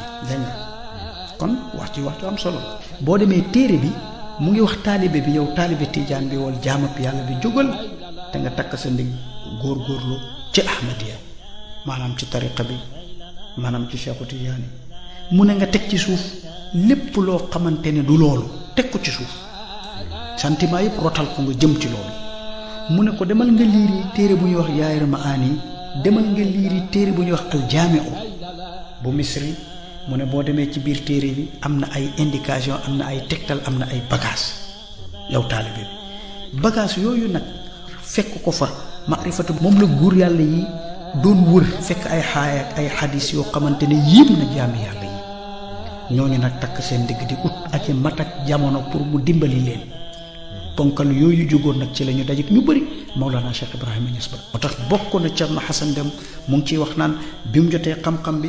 kon wax ci wax ci solo boo demee téere bi mu ngi wax taalibe bi yow taalibe tijaan bi wal jaamab yàlla bi jógal te nga takk sa góor góorgóorlu ci ahmadiya maanaam ci tariqa bi maanaam ci cheikhu tijaan yi mu ne nga teg ci suuf lépp loo xamante ne du loolu teg ko ci suuf sentiment yëpp rotal ko nga jëm ci loolu mu ne ko demal nga liiri téere bu ñuy wax yaayar ma aani demal nga liiri téere bu ñuy wax aljaamiu bu misri mu ne boo demee ci biir téere bi am na ay indication am na ay tegtal am na ay bagage yow taalibe bi bagage yooyu nag fekk ko fa maarifatu moom la guur yàlla yi doon wër fekk ay xaaya ak ay xadis yoo xamante ne yéem na jaami yàlla yi ñooñu nag takk seen digg di ut ak i mat ak jamono pour mu dimbali leen ponkal yooyu jógoon nag ci la ñu dajeek ñu bari Mawlana Cheikh Ibrahima a ba moo tax bokk na Thierno Hassane Deme mu ngi ciy wax naan bi mu jotee xam-xam bi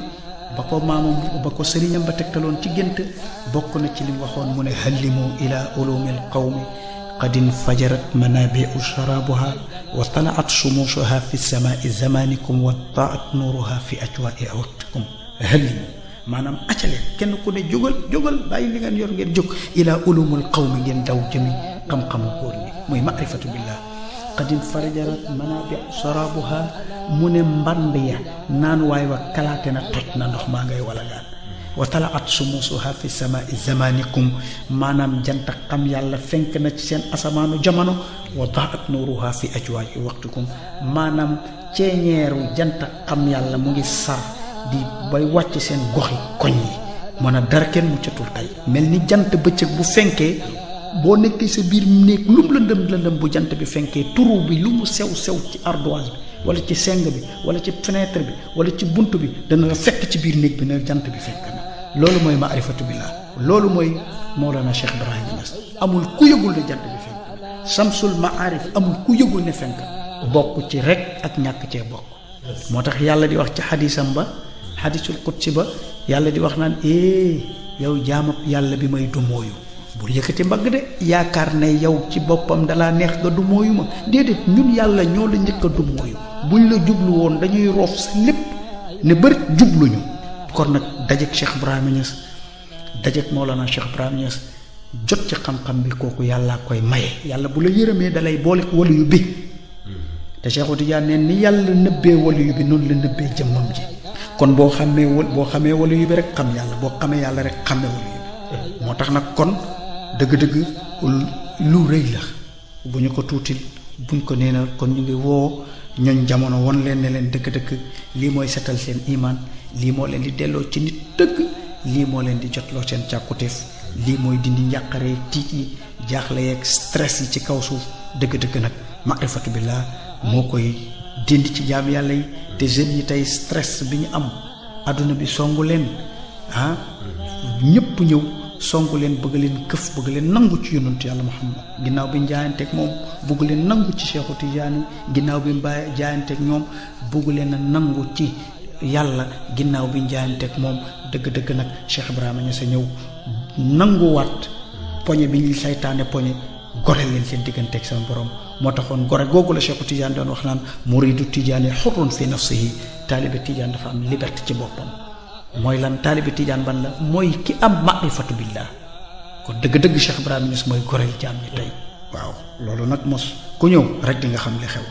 ba ko maamam ba ko sëriñam ba tegtaloon ci gént bokk na ci li mu waxoon mu ne hallimu ila ulumil qawmi qad infajarat manabiu sharabuha wa talaat sumusuha fi samaai zamanikum wa taat nuruha fi ajwaai awtikum hallimu maanaam accaleen kenn ku ne jógal jógal bàyyi li ngeen yor ngeen jóg ilaa ulumul qawmi ngeen daw jëmi xam-xamu góor ñi muy maarifatu billah xadim farajarat manabi sarabuha mu ne mband ya naan wa kalaate na toj na ndox maa ngay walagaan wa talaat sumusuha fi sama zamanikum maanaam jant xam yàlla fenk na ci seen asamaanu jamono na daat nuruha fi ajwaaji waxtikum maanaam ceeñeeru jant xam yàlla mu ngi sar di bay wàcc seen goxi koñ yi mën a dara kenn muccatul tey mel ni jant bëccëg bu fenkee boo nekkee sa biir néeg lu lëndëm lëndëm bu jant bi fenkee turu bi lu mu sew sew ci ardoise bi wala ci seng bi wala ci fenêtre bi wala ci bunt bi dana la fekk ci biir néeg bi ne jant bi fekk na loolu mooy maarifatu billah loolu mooy Mawlana Cheikh Ibrahima Niass amul ku yëgul ne jant bi fenk na samsul maarif amul ku yëgul ne fenk bokk ci rek ak ñàkk cee bokk moo tax yàlla di wax ci xadisam ba xadisul qudsi ba yàlla di wax naan eh yow jaamab yàlla bi may dumooyu bul yëkkati mbagg de yaakaar ne yow ci boppam dalaa neex nga du mooyu ma déedéet ñun yàlla ñoo la njëkk a du mooyu buñ la jublu woon dañuy roof si lépp ne bëri jubluñu kon nag dajeg Cheikh Ibrahima Niass dajeg Mawlana Cheikh Ibrahima Niass jot ci xam-xam bi kooku yàllaa koy maye yàlla bu la yërëmee dalay boole walu yu bi te Cheikh Tidiane neen ni yàlla nëbbee walu yu bi noonu la nëbbee jëmmam ji kon boo xamee wal boo xamee walu yu bi rek xam yàlla boo xamee yàlla rek xamee walu tax nag kon dëgg-dëgg lu rëy la bu ñu ko tuuti buñ ko neenal kon ñu ngi woo ñooñ jamono won leen ne leen dëgg-dëgg lii mooy setal seen imaan lii moo leen di delloo ci nit dëgg lii moo leen di jotloo seen càkkutéef lii mooy dindi njàqare tiit yi jaaxle yeeg stress yi ci kaw suuf dëgg-dëgg nag maarifatu billah moo koy dindi ci jaam yàlla yi te jeunes yi tey stress bi ñu am àdduna bi songu leen ah ñëpp ñëw songu leen bëgg leen këf bëgg leen nangu ci yonantu yàlla muhammad ginnaaw bi jaayanteeg moom bëgg leen nangu ci Seexu Tijaani ginnaaw bi mba jaayanteeg ñoom bëgg leen a nangu ci yàlla ginnaaw bi jaayanteeg moom dëgg-dëgg nag Cheikh Ibrahima ñu sa ñëw nanguwaat poñe bi ñu saytaane poñe gore leen seen digganteeg sama borom moo taxoon gore googu la Seexu Tijaan doon wax naan muridu Tijaani xurrun fi nafsihi taalibe Tijaan dafa am liberté ci boppam. mooy lan taalibi tijaan ban la mooy ki am maarifatu billah kon dëgg-dëgg Cheikh Ibrahima Niass mooy goreel jaam ñi tey waaw loolu nag mos ku ñëw rek di nga xam li xew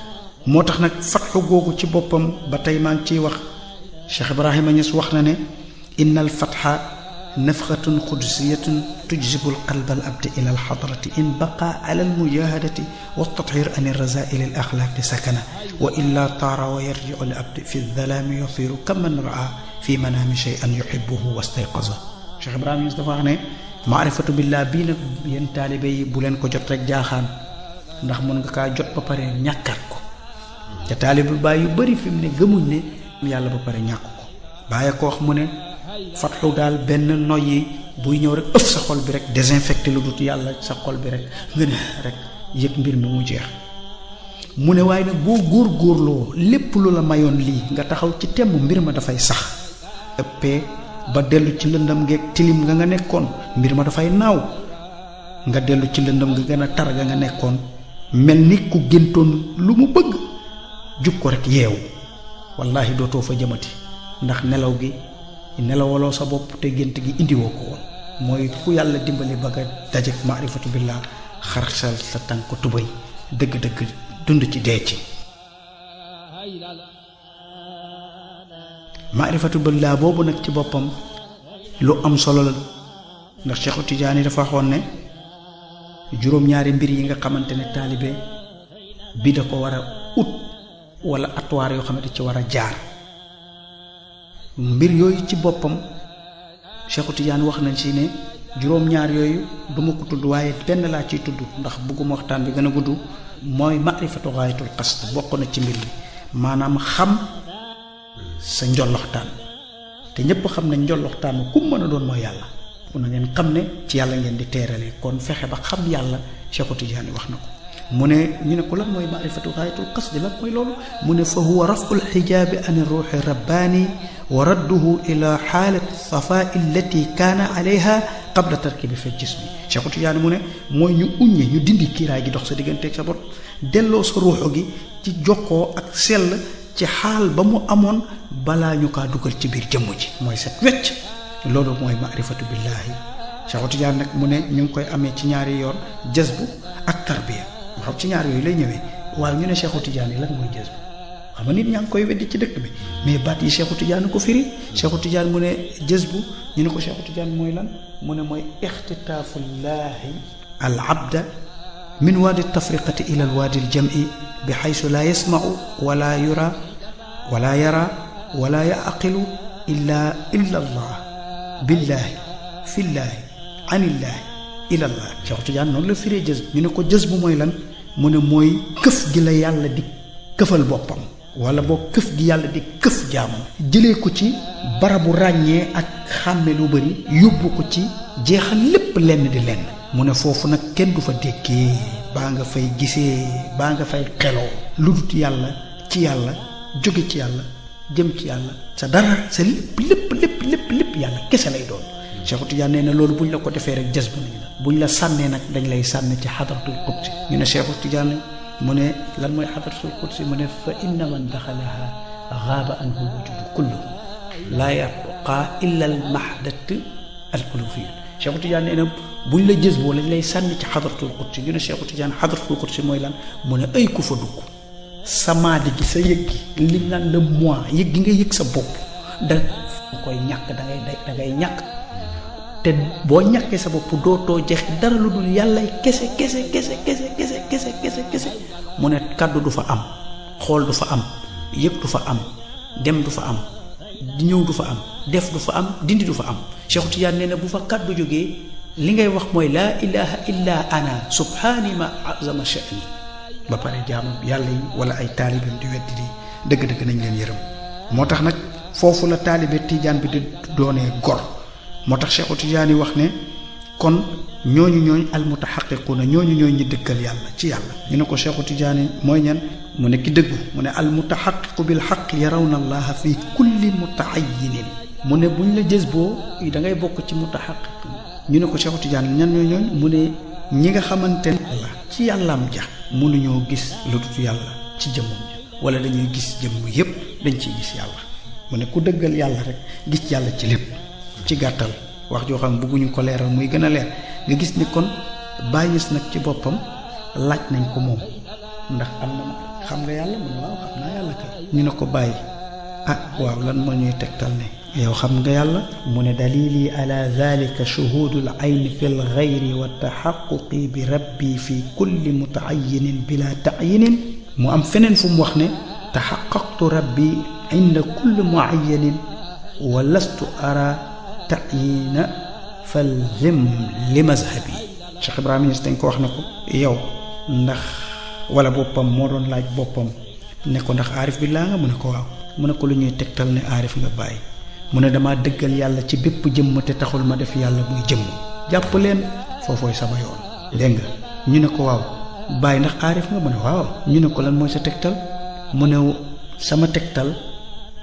moo tax nag fatxu googu ci boppam ba tey maa ngi ciy wax Cheikh Ibrahima Niass wax na ne inna al fatxa nafxatun qudsiyatun tujzibu al qalba al abdi ila al xadrati in baqa ala al mujahadati wa tathir an razail al axlaaqi sakana wa illa taara wa yarjiu al abdi fi ldalaami yutiru kaman raa fi manaami shay'an yuhibbuhu wastayqaza Cheikh Ibrahima Niass dafa wax ne maarifatu billah bii nag yéen taalibe yi bu leen ko jot rek jaaxaan ndax mën nga kaa jot ba pare ñàkkaat ko te taalibe baay yu bari fi mu ne gëmuñ ne yàlla ba pare ñàkk ko bàyyi ko wax mu ne fatxu daal benn noyyi buy ñëw rek ëf sa xol bi rek désinfecté lu dut yàlla sa xol bi rek ngën rek yëg mbir mi mu jeex mu ne waaye nag boo góor góorloo lépp lu la mayoon lii nga taxaw ci temb mbir ma dafay sax ëppee ba dellu ci lëndëm ngeeg tilim nga nga nekkoon mbir ma dafay naaw nga dellu ci lëndëm gi gën a tar nga nga nekkoon mel ni ku géntoon lu mu bëgg jug ko rek yeewu wallaahi dootoo fa jëmati ndax nelaw gi nelawaloo sa bopp te gént gi indiwoo ko woon mooy ku yàlla dimbali ba nga dajeeg maarifatu billah xarsal sa tànk tubéy dëgg-dëgg dund ci dee ci maarifatu billaa boobu nag ci boppam lu am solo la ndax Cheikhu yi dafa waxoon ne juróom-ñaari mbir yi nga xamante ne taalibe bi da ko war a ut wala atuwaar yoo xamante ci war a jaar mbir yooyu ci boppam Cheikhu Tijaani wax nañ ci ne juróom-ñaar yooyu duma ko tudd waaye benn laa ciy tudd ndax bëgguma waxtaan bi gën a gudd mooy maarifatu xaayatul xasd bokk na ci mbir mi maanaam xam sa njolloxtaan te ñépp xam ne njolloxtaanu ku mën a doon moo yàlla mun na ngeen xam ne ci yàlla ngeen di teerale kon fexe ba xam yàlla Cheikh Tidiane wax na ko mu ne ñu ne ko lan mooy maarifatu xaayatul qasdi lan mooy loolu mu ne fa huwa rafu lxijaabi an ruuxi rabbaani wa radduhu ila xaalati safa allati kaana alayha qabla tarkibi fi jismi Cheikh Tidiane mu ne mooy ñu uññe ñu dindi kiiraay gi dox sa diggante sa bopp delloo sa ruuxu gi ci jokkoo ak sell ci xaal ba mu amoon balaa ñu kaa dugal ci biir jëmm ji mooy set wecc loolu mooy maarifatu billaahi Cheikh Tidiane nag mu ne ñu ngi koy amee ci ñaari yoon jazbu ak tarbiya ma xam ci ñaar yooyu lay ñëwee waaye ñu ne Cheikh Tidiane yi lan mooy jazbu xam nga nit ñaa ngi koy weddi ci dëkk bi mais baat yi Cheikh Tidiane ko firi Cheikh Tidiane mu ne jazbu ñu ne ko Cheikh Tidiane mooy lan mu ne mooy ixtitaafullaahi al abda min waadi tafriqati ila waadi al bi xaysu laa yasmau wala yura wala yara wala yaqilu illa illa allah billaahi fillaahi anillaahi ilallah Cheikh Tidiane noonu la firee jës ñu ne ko jës bu mooy lan mu ne mooy këf gi la yàlla di këfal boppam wala boo këf gi yàlla di këf jaamam jëlee ko ci barabu ràññee ak xàmme lu bëri yóbbu ko ci jeexal lépp lenn di lenn mu ne foofu nag kenn du fa dékkee baa nga fay gisee baa nga fay xeloo lu yàlla ci yàlla jóge ci yàlla jëm ci yàlla sa dara sa lépp lépp lépp lépp lépp yàlla kese lay doon Cheikh Tidiane nee na loolu buñ la ko defee rek jas bu nañ la buñ la sànnee nag dañ lay sànni ci xadaratul qudsi ñu ne Cheikh Tidiane mu ne lan mooy xadaratul qudsi mu ne fa inna man daxalaha xaaba anhu lwujudu kullu laa yabqa illa al mahdat al ulufiyya Cheikh Tidiane nee na buñ la jës boo lañ lay sànni ci xadratul xudsi ñu ne Cheikh Tidiane xadratul xudsi mooy lan mu ne ay ku fa dugg samaadi gi sa yëg gi liñ naan le moi yëg gi nga yëg sa bopp da koy ñàkk da ngay da ngay te boo ñàkkee sa bopp dootoo jeex dara lu dul yàlla kese kese kese kese kese kese kese kese mu ne kàddu du fa am xool du fa am yëg du fa am dem du fa am di ñëw du fa am def du fa am dindi du fa am Cheikh Tidiane nee na bu fa bu jógee li ngay wax mooy laa ilaha illa ana subhaani ma azama sha'ni ba pare jaamu yàlla yi wala ay taalibeem di wet di dëgg-dëgg nañ leen yërëm moo tax nag foofu la taalibe Tidiane bi di doonee gor moo tax Cheikh Tidiane yi wax ne kon ñooñu ñooñ almutaxaqiquuna ñooñu ñooñ ñi dëkkal yàlla ci yàlla ñu ne ko Cheikh Tidiane mooy ñan mu ne ki dëggu mu ne al mutaxaqiqu bil xaq yarawna allaha fi kulli mutaayinin mu ne buñ la jës boo da ngay bokk ci mutaxaqiq ñu ne ko Cheikh Tidiane ñan ñoo ñooñ mu ne ñi nga xamante ne la ci yàllaam ja mënuñoo gis lu yàlla ci jëmm ja wala dañuy gis jëmm yépp dañ ci gis yàlla mu ne ku dëggal yàlla rek gis yàlla ci lépp ci gàttal wax joo xam bëgguñu ko leeral muy gën a leer nga gis ni kon bàyyis nag ci boppam laaj nañ ko moom ndax am na xam nga yàlla mu ne waaw xam naa yàlla kay ñu ne ko bàyyi ah waaw lan moo ñuy tegtal ne yow xam nga yàlla mu ne dalili ala zalika shuhudu l ayni fi l gayri wa taxaquqi bi rabbi fi kulli mutaayinin bila taayinin mu am feneen fu mu wax ne taxaqaqtu rabbi inda kulli muayanin wa lastu ara taayina falzim li mazhabi Cheikh Ibrahima Niass dañ ko wax ne ko yow ndax wala boppam moo doon laaj boppam ne ko ndax aarif bi laa nga mu ne ko waaw mu ne ko lu ñuy tegtal ne aarif nga bàyyi mu ne damaa dëggal yàlla ci bépp jëmm te taxul ma def yàlla muy jëmm jàpp leen foofooy sama yoon nga ñu ne ko waaw bàyyi ndax aarif nga mu ne waaw ñu ne ko lan mooy sa tegtal mu ne sama tegtal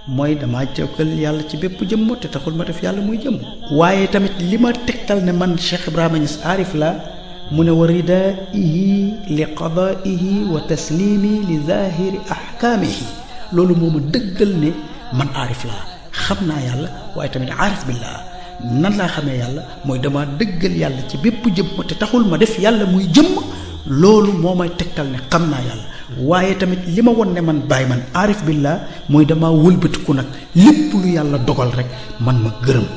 mooy damaa jëkkal yàlla ci bépp jëmm te taxul ma def yàlla muy jëmm waaye tamit li ma tegtal ne man Cheikh Ibrahima Niass aarif la mu ne wa ridaihi li qadaihi wa taslimi li zahiri ahkaamihi loolu moo ma dëggal ne man aarif laa xam naa yàlla waaye tamit aarif billaa nan laa xamee yàlla mooy dama dëggal yàlla ci bépp jëmm te taxul ma def yàlla muy jëmm loolu moo may tegtal ne xam naa yàlla waaye tamit li ma won ne man bàyyi man aarif billaa mooy dama wëlbatiku nag lépp lu yàlla dogal rek man ma gërëm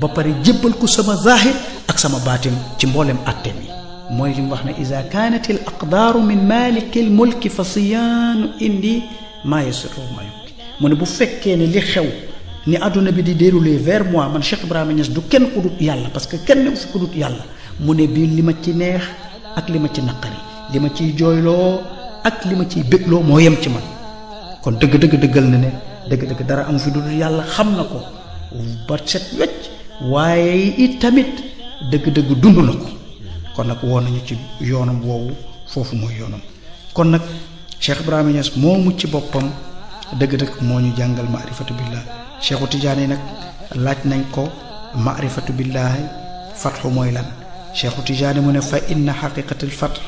ba pare jébbal ko sama zaahir ak sama baatim ci mbooleem àtteem yi mooy li mu wax ne ida kaanat al aqdaaru min maliki l mulki fa siyaanu indi maa yasiru ma mu ne bu fekkee ne li xew ni àdduna bi di déroulé ver moi man Cheikh Ibrahima Niass du kenn ku yàlla parce que kenn newu fi ku yàlla mu ne bii li ma ci neex ak li ma ci naqari li ma ciy jooyloo ak li ma ciy bégloo moo yem ci man kon dëgg dëgg dëggal na ne dëgg dëgg dara am fi dudul yàlla xam na ko ba set waaye it tamit dëgg dëgg dund na ko kon nag woon nañu ci yoonam woowu foofu mooy yoonam kon nag Cheikh Ibrahima Niass moomu ci boppam dëgg dëgg moo ñu jàngal maarifatu billah Cheikhu Tidiane nag laaj nañ ko maarifatu billahi fatxu mooy lan Cheikhu Tidiane mu ne fa inna xaqiqatil fatx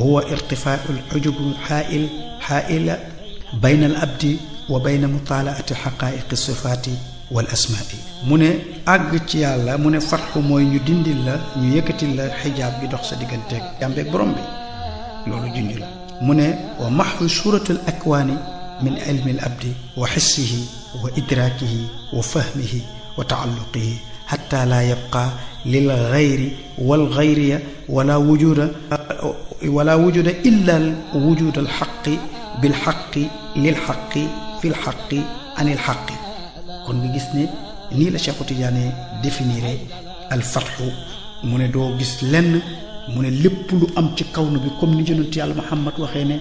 huwa irtifaaul ujubu xaail xaaila bayna abdi wa bayna mutaalaati xaqaaiqi sifaati wal asmaai mu ne àgg ci yàlla mu ne fatxu mooy ñu dindi la ñu yëkkatil la xijaab bi dox sa digganteeg jàmbeeg borom bi loolu junj la mu ne wa maxu suuratul akwaani min ilmi al abdi wa xissihi wa idraakihi wa fahmihi wa taalluqihi xatta laa yabqa lil gayri wal gayriya wala wujuda wala wujuda illa wujud alxaqi bilxaqi lilxaqi fi lxaqi an ilxaqi kon nga gis ni nii la Cheikhu Tidiane définiré al fatxu mu ne doo gis lenn mu ne lépp lu am ci kaw na bi comme ni yonent yàlla Muhammad waxee ne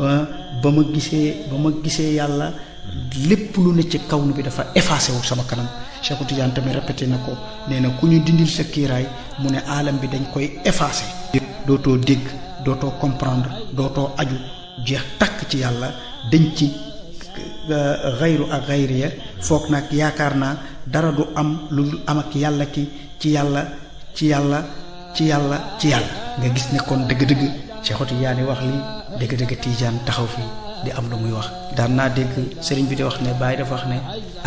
ah, ba ma gisee ba ma gisee yàlla lépp lu ne ci kaw na bi dafa effacé wu sama kanam Cheikhu Tidiane tamit na ko nee na ku ñu dindil sa mu ne alam bi dañ koy effacé dootoo dégg dootoo comprendre dootoo aju jeex takk ci yàlla dañ xayru euh, ak xayri ya foog nag yaakaar naa dara du am lu dul am ak yàlla ki ci yàlla ci yàlla ci yàlla ci yàlla nga gis ne kon dëgg-dëgg Cheikh Tidiane wax lii dëgg-dëgg Tidiane taxaw fii di am lu muy wax daan naa dégg sëriñ bi di wax ne bàyyi dafa wax ne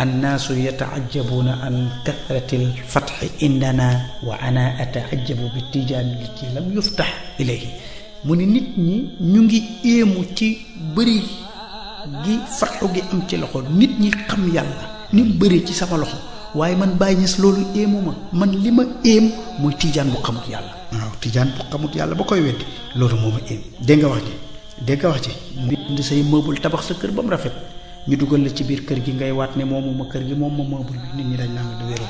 annaasu yataajabuuna an kathratil fatxi indana wa ana ataajabu bi Tidiane li ci lam yuftax ilayhi mu ne nit ñi ñu ngi éemu ci bëri gi fatxu gi am ci loxo nit ñi xam yàlla ni mu bëri ci sama loxo waaye man bàyyi ñes loolu éemu ma man li ma éem mooy tijaan bu xamut yàlla waaw tijaan bu xamut yàlla ba koy weddi loolu moo ma nga wax ji dégg nga wax ji indi say meuble tabax sa kër ba rafet ñu dugal la ci biir kër gi ngay waat ne moomu ma kër gi moom ma meuble bi nit ñi dañ naan du wéro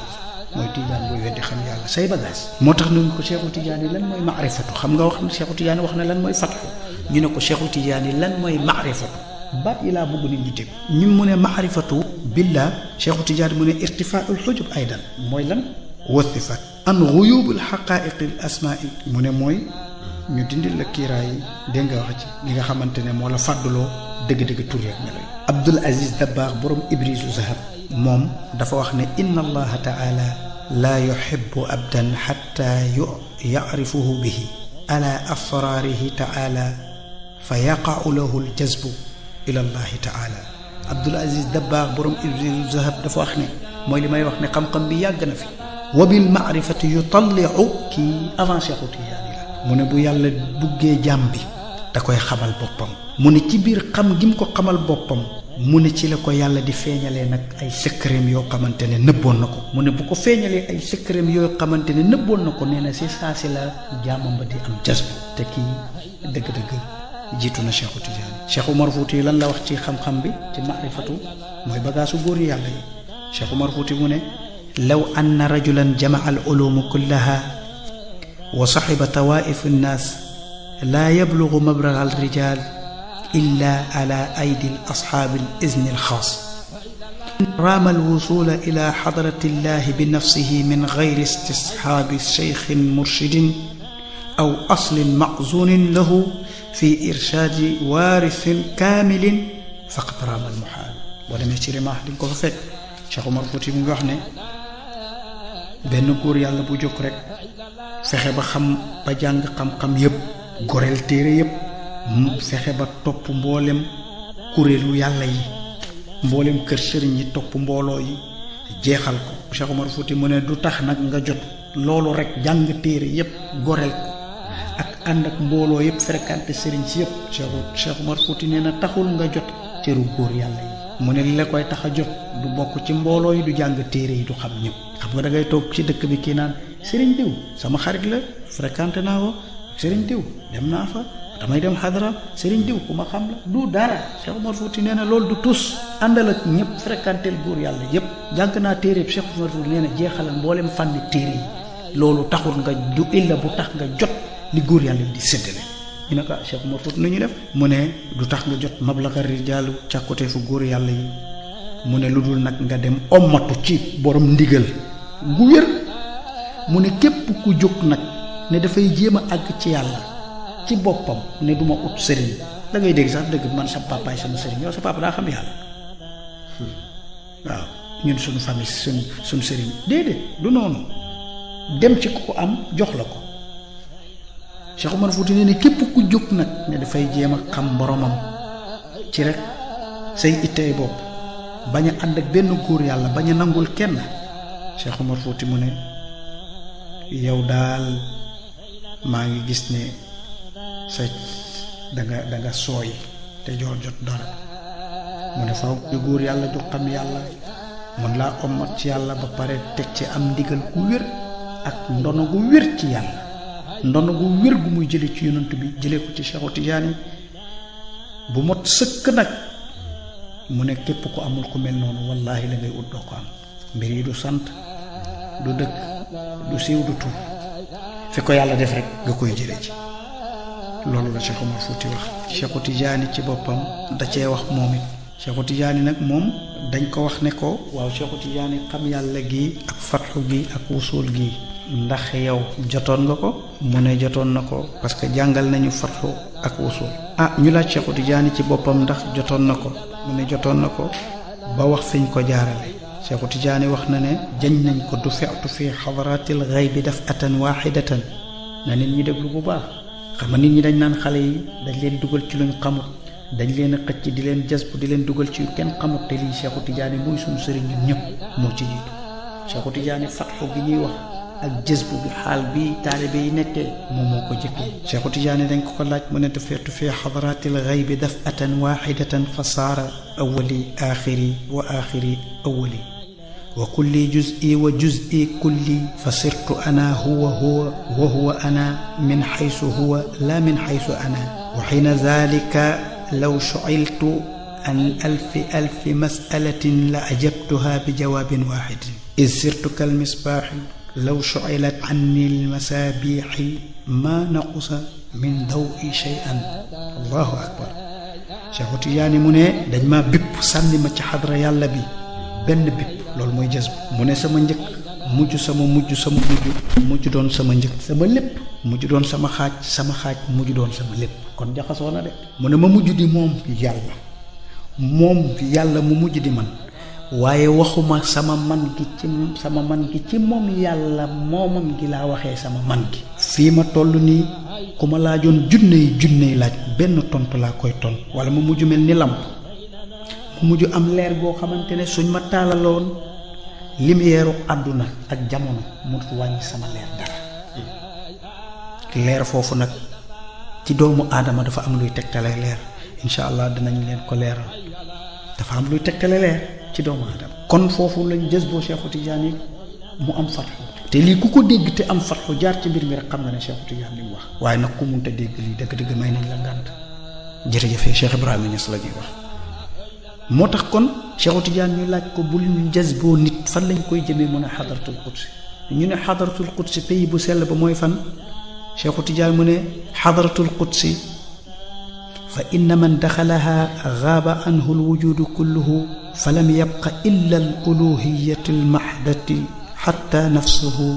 mooy tijaan buy weddi xam yàlla say bagage moo tax ñu ko Cheikhu Tidiane lan mooy maarifatu xam nga wax Cheikhu Tidiane wax na lan mooy fatxu ñu ne ko Cheikhu yi lan mooy maarifatu baat yi laa bëgg nit ñi teg ñu mu ne maarifatu billah cheikhu tijaani mu ne irtifaaul xujub aydan mooy lan wa sifat an xuyubul xaqaiqi l asmaai mu ne mooy ñu dindi la kiiraay dégg nga wax ci li nga xamante ne moo la fàdduloo dëgg-dëgg tur yeeg abdul aziz dabbaax borom ibrisu zahab moom dafa wax ne inna allaha taala laa yuhibbu abdan xatta yu yarifuhu bihi ala asraarihi taala fa yaqau lahu ljazbu ilallahi taala abdul aziz dabbaax borom ibri zahab dafa wax ne mooy li may wax ne xam-xam bi yàgg na fi wa bil maarifati yutalliu kii avant Cheikhu Tijaani la mu ne bu yàlla buggee jàmm bi da koy xamal boppam mu ne ci biir xam gi ko xamal boppam mu ne ci la ko yàlla di feeñalee nag ay secret yoo xamante ne nëbboon na ko mu ne bu ko feeñalee ay secret yoo xamante ne nëbboon na ko nee na si saa si la jàmmam ba di am jas te kii dëgg-dëgg jiitu na Cheikhu Tijaani Cheikh Umar Fouti lan la wax ci xam-xam bi ci maarifatu mooy bagaasu góor yi yàlla yi Cheikh Umar Fouti mu ne law anna rajulan jamaa al ulumu kullaha wa saxiba tawaifu nnaas laa yablugu mablagha al rijaal illa ala aydi al asxaabi al izni al xaas raama alwusula ila xadrati illahi bi nafsihi min gayri istisxaabi cheykhin murshidin aw aslin maqzunin lahu fi irshaadi waarisin kaamilin faqad raama almuxaal boo demee ci rimaax di ko fa fekk Cheikh Omar Fouti mu ngi wax ne benn góor yàlla bu jóg rek sexe ba xam ba jàng xam-xam yépp goreel téere yépp fexe ba topp mboolem kuréelu yàlla yi mboolem kër sëriñ yi topp mbooloo yi jeexal ko Cheikh Omar Fouti mu ne du tax nag nga jot loolu rek jàng téere yépp goreel ak ànd ak mbooloo yëpp fréquenté sëriñ si yëpp Cheikh Cheikh Omar nee na taxul nga jot cëru góor yàlla yi mu ne li la koy tax a jot du bokk ci mbooloo yi du jàng téere yi du xam ñëpp xam nga da toog ci dëkk bi kii naan sëriñ sama xarit la fréquenté naa ko sëriñ dem naa fa damay dem xadara sëriñ diw ku ma xam la du dara Cheikh Omar Fouti nee na loolu du tus àndal ak ñëpp fréquenté góor yàlla yëpp jàng naa téere Cheikh Omar Fouti nee na jeexalal mbooleem fànn téere yi loolu taxul nga du illa bu tax nga jot li góor yàlla di séddale ñu ne ko ah Cheikh Omar Fouti nu ñu def mu ne du tax nga jot mablaga rijaalu càkkutee fu góor yàlla yi mu ne lu dul nag nga dem ommatu ci borom ndigal gu wér mu ne képp ku jóg nag ne dafay jéem a àgg ci yàlla ci boppam ne duma ut sëriñ da ngay dégg sax dëgg man sa papaay sama sëriñ yow sa papa daa xam yàlla waaw ñun suñu famille suñ suñ sëriñ déedéet du noonu dem ci ku ko am jox la ko Cheikh Omar Fouti nee képp ku jóg nag ni dafay jéem a xam boromam ci rek say ittey bopp bañ a ànd ak benn góor yàlla bañ a nangul kenn Cheikh Omar Fouti mu ne yow daal maa ngi gis ne sa danga danga sooy te joo jot dara mu ne faaw ñu góor yàlla ju xam yàlla mën laa ommat ci yàlla ba pare teg ci am ndigal ku wér ak ndono gu wér ci yàlla ndono gu wér gu muy jële ci yonent bi jële ko ci Seexu bu mot sëkk nag mu ne képp ku amul ku mel noonu wallaahi la ngay ut doo ko am mbir yi du sant du dëkk du siiw du tur fi ko yàlla def rek nga koy jële ci loolu la Cheikh Omar Fouti wax Cheikhu ci boppam da cee wax moom it Cheikhu Tijaani nag moom dañ ko wax ne ko waaw Cheikhu Tijaani xam yàlla gi ak fatxu gi ak wusuul gi ndax yow jotoon nga ko mu ne jotoon na ko parce que jàngal nañu fatlu ak usul ah ñu laaj Cheikhu Tijaani ci boppam ndax jotoon na ko mu ne jotoon na ko ba wax fiñ ko jaarale Cheikhu Tijaani wax na ne jañ nañ ko du fetu fi xadaratil xay bi daf atan waxidatan na nit ñi déglu bu baax xam nga nit ñi dañ naan xale yi dañ leen dugal ci luñ xamul dañ leen a xëcc di leen jasbu di leen dugal ci kenn xamut te lii Cheikhu Tijaani mooy suñu sëriñ ñun ñëpp moo ci jiitu Cheikhu Tijaani fatlu gi ñuy wax ak jës bu xaal bi taalibe yi nekkee moom moo ko jëkkee Cheikhu Tijaani dañ ko ko laaj mu ne tafeetu fi xadratil xaybi dafatan waxidatan fa saara awali axiri wa axiri awali wa kulli juz'i wa juz'i kulli fa sirtu ana huwa huwa wa huwa ana min xaysu huwa la min xaysu ana wa xiina zalika law shu'iltu an alfi alfi mas'alatin la ajabtuha bi jawaabin waaxidin iz sirtu kal misbaaxi law su'ilat anni almasabixi ma naqusa min dawi shay'an allahu akbar Cheikh Tidiane mu ne dañ ma bipp sànni ma ci xadra yàlla bi benn bipp loolu mooy jës mu ne sama njëkk mujj sama mujj sama mujj mujj doon sama njëkk sama lépp mujj doon sama xaaj sama xaaj mujj doon sama lépp kon jaxasoo na de mu ne ma mujj di moom yàlla moom yàlla mu mujj di man waaye waxuma sama man gi ci sama man gi ci moom yàlla moomam gi laa waxee sama man gi fii ma toll nii ku ma laajoon junney junney laaj benn tontu laa koy ton wala mu mujj mel ni lamp mu mujj am leer goo xamante ne suñ ma taalaloon limiyeeru àdduna ak jamono mu wàññi sama leer dara leer foofu nag ci doomu aadama dafa am luy tegtale leer incha allah dinañ leen ko leeral dafa am luy tekkale leer ci doomu kon foofu lañ jës boo Cheikhu Tijaan yi mu am fatxu te lii ku ko dégg te am fatxu jaar ci mbir mi rek xam nga ne Cheikhu Tijaan li mu wax waaye nag ku munta dégg lii dëgg-dëgg may nañ la ngànt jërëjëfee Cheikh Ibrahima Niass la ñuy wax moo tax kon Cheikhu Tijaan ñu laaj ko bu ñu jës nit fan lañu koy jëmee mun a xadaratul si ñu ne xadaratul si pays bu sell ba mooy fan Cheikhu Tijaan mu ne xadaratul qudsi fa inna man daxalaha gaaba anhu alwujudu kulluhu fa lam yabqa illa al uluhiyatu almahdati xatta nafsuhu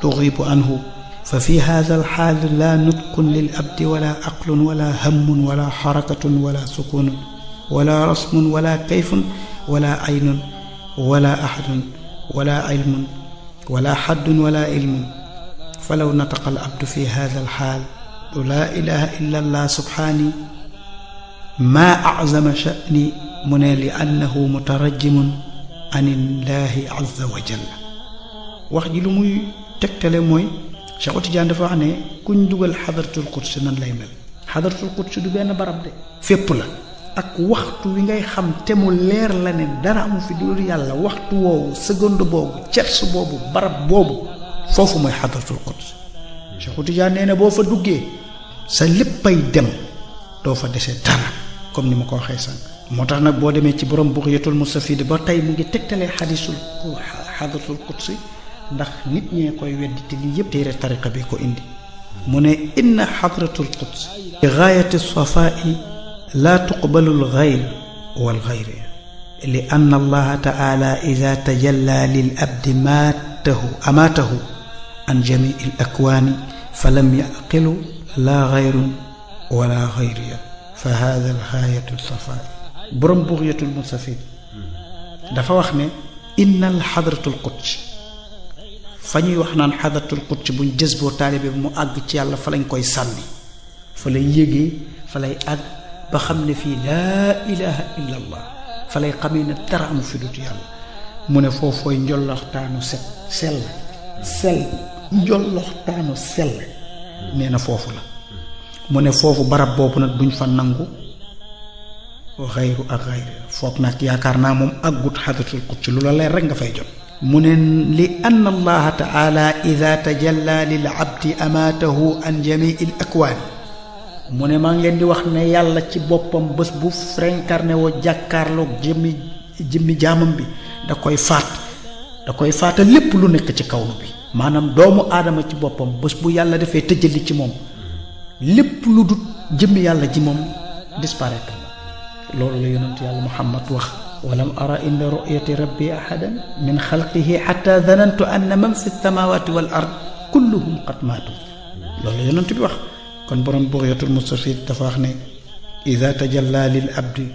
tugibu anhu fa fi hada alxaal la nutqun lil abdi wala aqlun wala hammun wala xarakatun wala sukunun wala rasmun wala kayfun wala aynun wala ahadun wala ilmun wala xaddun wala ilmun falaw nataqa al abdu fi hada alxaal laa ilaha illa allah subhaani maa azama sha'ni mu ne li annahu mutarajimun anillaahi azza wa wax ji lu muy tegtale mooy Cheikh Tidiane dafa wax ne kuñ dugal xadaratul qudsi nan lay mel xadaratul qudsi du benn barab de fépp la ak waxtu wi ngay xam te mu leer la ne dara amu fi dul yàlla waxtu woowu seconde boobu cerse boobu barab boobu foofu mooy xadaratul qudsi Cheikh nee na boo fa duggee sa léppay dem doo fa dese dara comme ni ma ko waxee sànq moo tax nag boo demee ci borom buxyatul mustafid ba tey mu ngi tegtalee xadisul xadisul qudsi ndax nit ñee koy weddi te lii yëpp téere tariqa bi ko indi mu ne inna xadratul quds bi gaayati safaa'i laa tuqbalu lgayr gayr li gayriya fa hada alxaayatul safa borom buxyatul musafir dafa wax ne innal xadratul qudsi fa ñuy wax naan xadratul qudsi buñ jës boo taalibe bi mu àgg ci yàlla fa lañ koy sànni fa lay yégee fa lay àgg ba xam ne fii laa ilaha illa allah fa lay xamee ne dara amu fi dut yàlla mu ne foofooy njolloxtaanu set sell njolloxtaanu sell nee na foofu la mu ne foofu barab boobu nag duñ fa nangu xayru ak xayri foog nag yaakaar naa moom aggut xadatul ci lu la leer rek nga fay jot mu ne li ann allaha taala ida tajalla lil abdi amaatahu an jamiil akwaani mu ne maa ngi leen di wax ne yàlla ci boppam bés bu rencarné woo jàkkaarloog jëmmi jaamam bi da koy faat da koy faata lépp lu nekk ci kawlu bi maanaam doomu aadama ci boppam bés bu yàlla defee tëjali ci moom lépp lu dut jëmmi yàlla ji moom disparaître loolu la yonent yàlla muhammad wax walam ara inda ru'yati rabbi ahadan min xalqihi xata danantu anna man fi samawati wal ard kulluhum qad maatu loolu la yonent bi wax kon borom bughyatul mustafid dafa wax ne ida tajalla lil abdi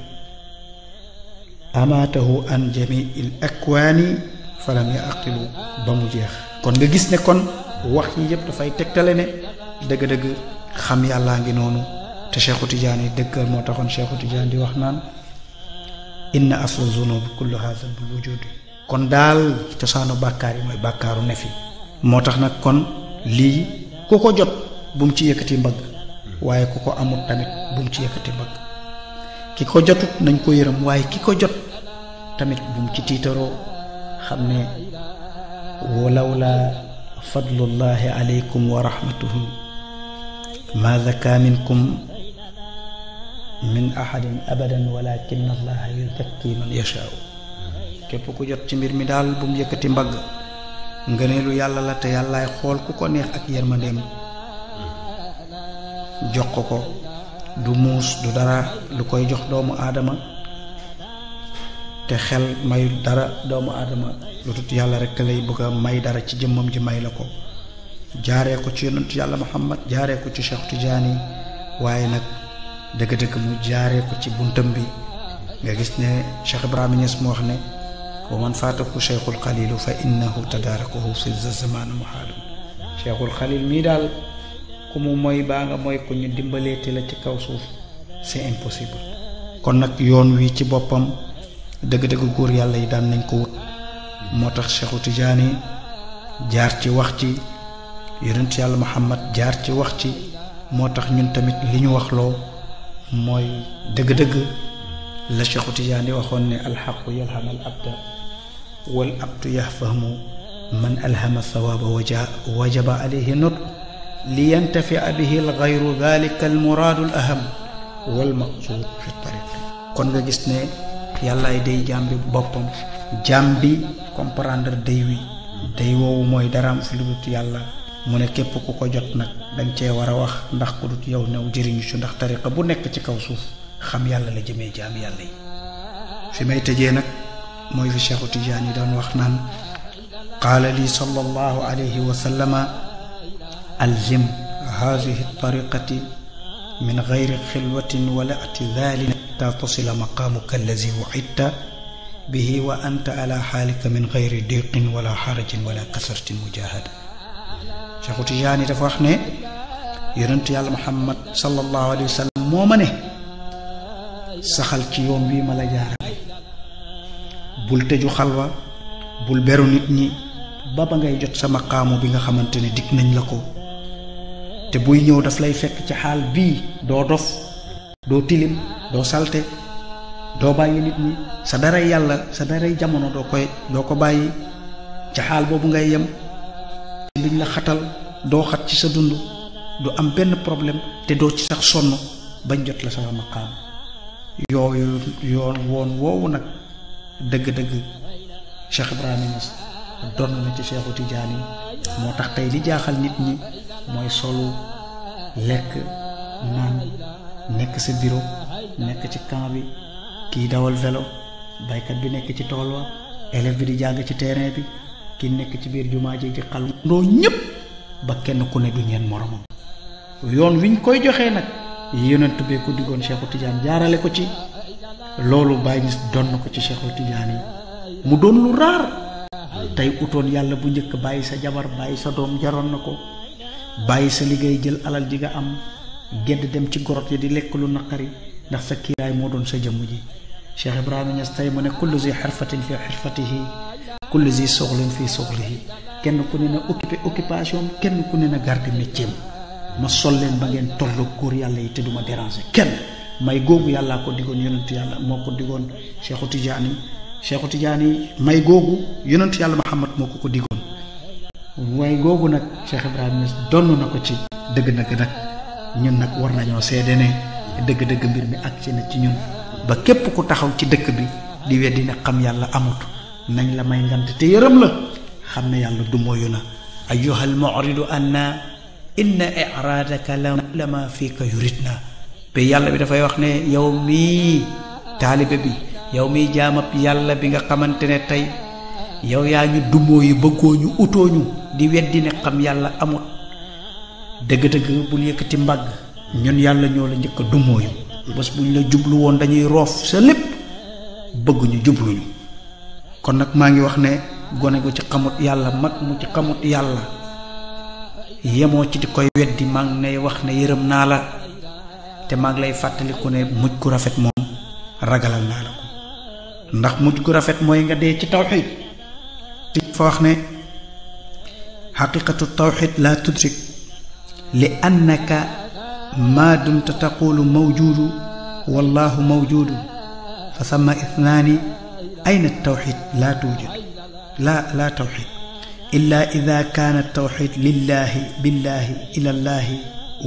amaatahu an jamii l akwaani falam yaqilu ba mu jeex kon nga gis ne kon wax yi yëpp dafay tegtale ne dëgg-dëgg xam yàllaa ngi noonu te Cheikhu Tijaan yi dëggal moo taxoon Cheikhu Tijaan di wax naan inna asla zunub kulluha zambul wujud kon daal cosaanu bàkkaar yi mooy bàkkaaru ne fi moo tax nag kon lii ku ko jot bu mu ci yëkkati mbagg waaye ku ko amut tamit bu mu ci yëkkati mbagg ki ko jotut nañ ko yërëm waaye ki ko jot tamit bu mu ci tiitaroo xam ne walaw la aleykum wa ma zaka min ahadin abadan walakin allaha yuzakki man yashaa képp ku jot ci mbir mi daal bu mu yëkkati mbagg ngëneelu yàlla la te yàllaay xool ku ko neex ak yërmandeem jox ko ko du muus du dara lu koy jox doomu aadama te xel mayu dara doomu aadama lu tut yàlla rekk lay bëgg may dara ci jëmmam ji may la ko jaaree ko ci yonentu yàlla muhammad jaaree ko ci Cheikh Tidiane waaye nag dëgg-dëgg mu jaaree ko ci buntam bi nga gis ne Cheikh Ibrahima Niass mu wax ne wa man faataku cheikhul xalilu fa innahu tadaarakuhu fi zamanu muhaalum cheikhul xalil mii daal ku mu moy baa nga mooy ku ñu dimbaleeti la ci kaw suuf c'est impossible kon nag yoon wi ci boppam dëgg-dëgg góor yàlla yi daan nañ ko wut moo tax Cheikhu Tidiane jaar ci wax ci yonent yàlla Muhammad jaar ci wax ci moo tax ñun tamit li ñu wax loo mooy dëgg-dëgg la Cheikhu Tijaani waxoon ne alxaqu yalham al abda wal abdu yafhamu man alhama sawaaba waja wajaba alayhi nut li yantafia bihi al gayru dalika al muraadu al aham wal maqsuud kon nga gis ne yàllaay day jaam boppam jaam bi day wi day woowu mooy daraam fi lu yàlla mu ne képp ku ko jot nag dañ cee war a wax ndax ku dut yow new jëriñu ci ndax tariqa bu nekk ci kaw suuf xam yàlla la jëmee jaam yàlla yi fi may tëjee nag mooy fi Cheikhu Tijaani yi doon wax naan qaala lii sallallahu alayhi wa sallama alzim hadihi tariqati min gayri xilwatin wala atidaalin xata tasila maqaamuka allazi wucidta bihi wa anta ala wala xarajin wala Seexu Tijaani dafa wax ne yonent yàlla muhammad sallallahu alayhi wa sallam moo ma saxal ci yoon wi ma la jaarale bul tëju xalwa bul beru nit ñi ba ba ngay jot sama maqaamu bi nga xamante ne dig nañ la ko te buy ñëw daf lay fekk ci xaal bii doo dof doo tilim doo salte doo bàyyi nit ñi sa daray yàlla sa daray jamono doo koy doo ko bàyyi ci xaal boobu ngay yem duñ la xatal doo xat ci sa dund du am benn problème te doo ci sax sonn bañ jot la sama maqaam yooyu yoon woon woowu nag dëgg-dëgg Cheikh Ibrahima Niass donn na ci Cheikhu Tijaani moo tax tey li jaaxal nit ñi mooy solu lekk naan nekk sa bureau nekk ci camp bi kii dawal vélo baykat bi nekk ci tool wa élève bi di jàng ci terrain bi ki nekk ci biir jumaa ji di xal ndoo ñépp ba kenn ku ne du ñeen moromam yoon wiñ koy joxee nag yonent bee ko diggoon Cheikhu Tidiane jaarale ko ci loolu bàyyi ñis donn ko ci Cheikhu Tidiane yi mu doon lu raar tey utoon yàlla bu njëkk bàyyi sa jabar bàyyi sa doom jaroon na ko bàyyi sa liggéey jël alal ji nga am gedd dem ci gorot yi di lekk lu naqari ndax sa kiiraay moo doon sa jëmm ji Cheikh Ibrahima Niass tey mu ne kullu zi xirfatin fi xirfatihi kullu zi soxlin fii soxlihi kenn ku ne na occupé occupation kenn ku ne na garde métier ma sol leen ba ngeen tolloo góor yàlla yi te duma déranger kenn may googu yàlla ko digoon yonentu yàlla moo ko digoon Cheikhu Tidiane Cheikhu Tidiane may googu yonentu yàlla Muhammad moo ko ko googu nag Cheikh Ibrahima donn na ko ci dëgg nag nag ñun nag war nañoo seede ne dëgg-dëgg mbir mi ak ci na ci ñun ba képp ku taxaw ci dëkk bi di weddi xam yàlla amut nañ la may ngant te yërëm la xam ne yàlla du moyu na ayuha almuridu anna inna iraadaka lama fiika yurit na ba yàlla bi dafay wax ne yow mii taalibe bi yow mii jaamab yàlla bi nga xamante ne tey yow yaa ñu dumoo yu bëggoo ñu utoo ñu di weddi ne xam yàlla amut dëgg-dëgg bul yëkkati mbàgg ñun yàlla ñoo la njëkk a dumoo yu bés buñ la jublu woon dañuy roof sa lépp bëgguñu jubluñu kon nag maa ngi wax ne gone gu ci xamut yàlla mag mu ci xamut yàlla yemoo ci di koy weddi maa ngi lay wax ne yërëm naa la te maa ngi lay fàttaliku ne mujj gu rafet moom ragalal naa la ko ndax mujj gu rafet mooy nga dee ci tawxid ci fa wax ne xaqiqatu tawxid la tudrik li annaka ma dumta taqulu mawjudu wallahu mawjudu fa sama ithnaani ayna tawxid laa tuujad laa laa tawxid ida kaana tawxid lillaahi billaahi ilallaahi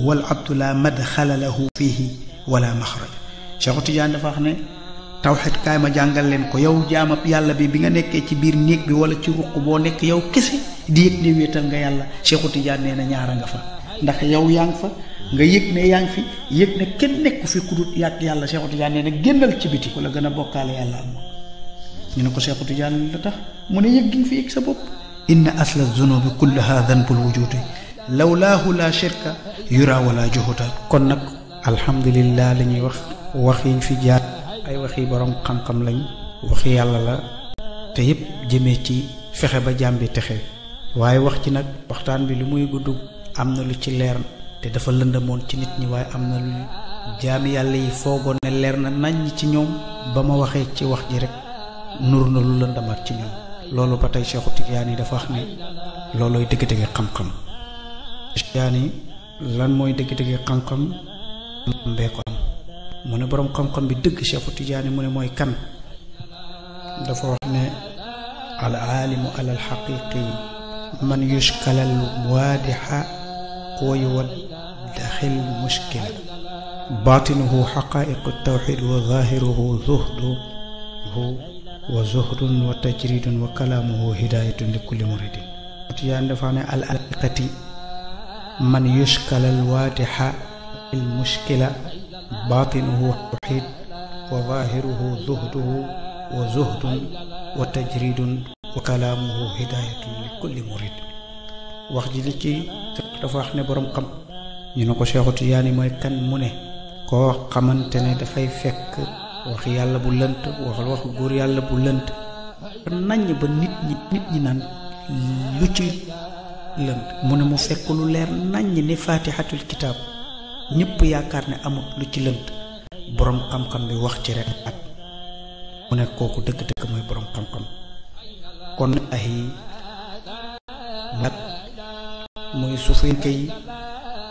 wal abdu laa madxala lahu fiihi wala maxraj Cheikh Tidiane dafa wax ne tawxid kaay ma jàngal leen ko yow jaamab yàlla bi bi nga nekkee ci biir néeg bi wala ci ruq boo nekk yow kese di yëg ne wéetal nga yàlla Cheikh Tidiane nee na ñaara nga fa ndax yow yaa fa nga yëg ne yaa fi yëg ne kenn nekku fi ku dul yàgg yàlla Cheikh Tidiane nee na génnal ci biti ku la gën a bokkaale ñu ne ko Seexu Tijaan la tax mu ne yëg gi nga fi yëg sa bopp inna asla zunubi kullaha danbul wujudi lawlaahu la shirka yura wala juhuta kon nag alhamdulillah lañuy ñuy wax wax yiñ fi jaar ay waxi borom xam-xam lañ waxi yàlla la te yépp jëme ci fexe ba jaam bi texe waaye wax ci nag waxtaan bi lu muy gudd am na lu ci leer te dafa lëndamoon ci nit ñi waaye am na lu jaami yàlla yi foogoon ne leer na nañ ci ñoom ba ma waxee ci wax ji rek nur na lu lëndamaat ci ñoom loolu ba tey Cheikhu Tidiane yi dafa wax ne loolooy dëgg-dëgg xam-xam Tidiane mooy dëgg-dëgg xam am mu ne boroom xam-xam bi dëgg Cheikhu Tidiane mu ne mooy kan dafa wax ne al aalimu ala al man yushkalal waadixa wa yuwaddaxil mushkila baatinuhu xaqaiqu tawxid wa zaahiruhu zuhduhu wa zuhdun wa tajridun wa kalaamuhu hidaayatun li kulli muridin ne wax ji li ci dafa wax ne boroom xam ñu ne ko Seexu Tijaan yi mooy kan mu ne koo xamante dafay fekk waxi yàlla bu lënt waxal waxu góor yàlla bu lënt ba naññ ba nit ñi naan lu ci lënt mu ne mu fekk lu leer naññ ni faatixatul kitaab ñëpp yaakaar ne amut lu ci lënt boroom xam-xam bi wax ci rek ak mu ne kooku dëgg-dëgg mooy boroom xam-xam kon ay nag mooy kay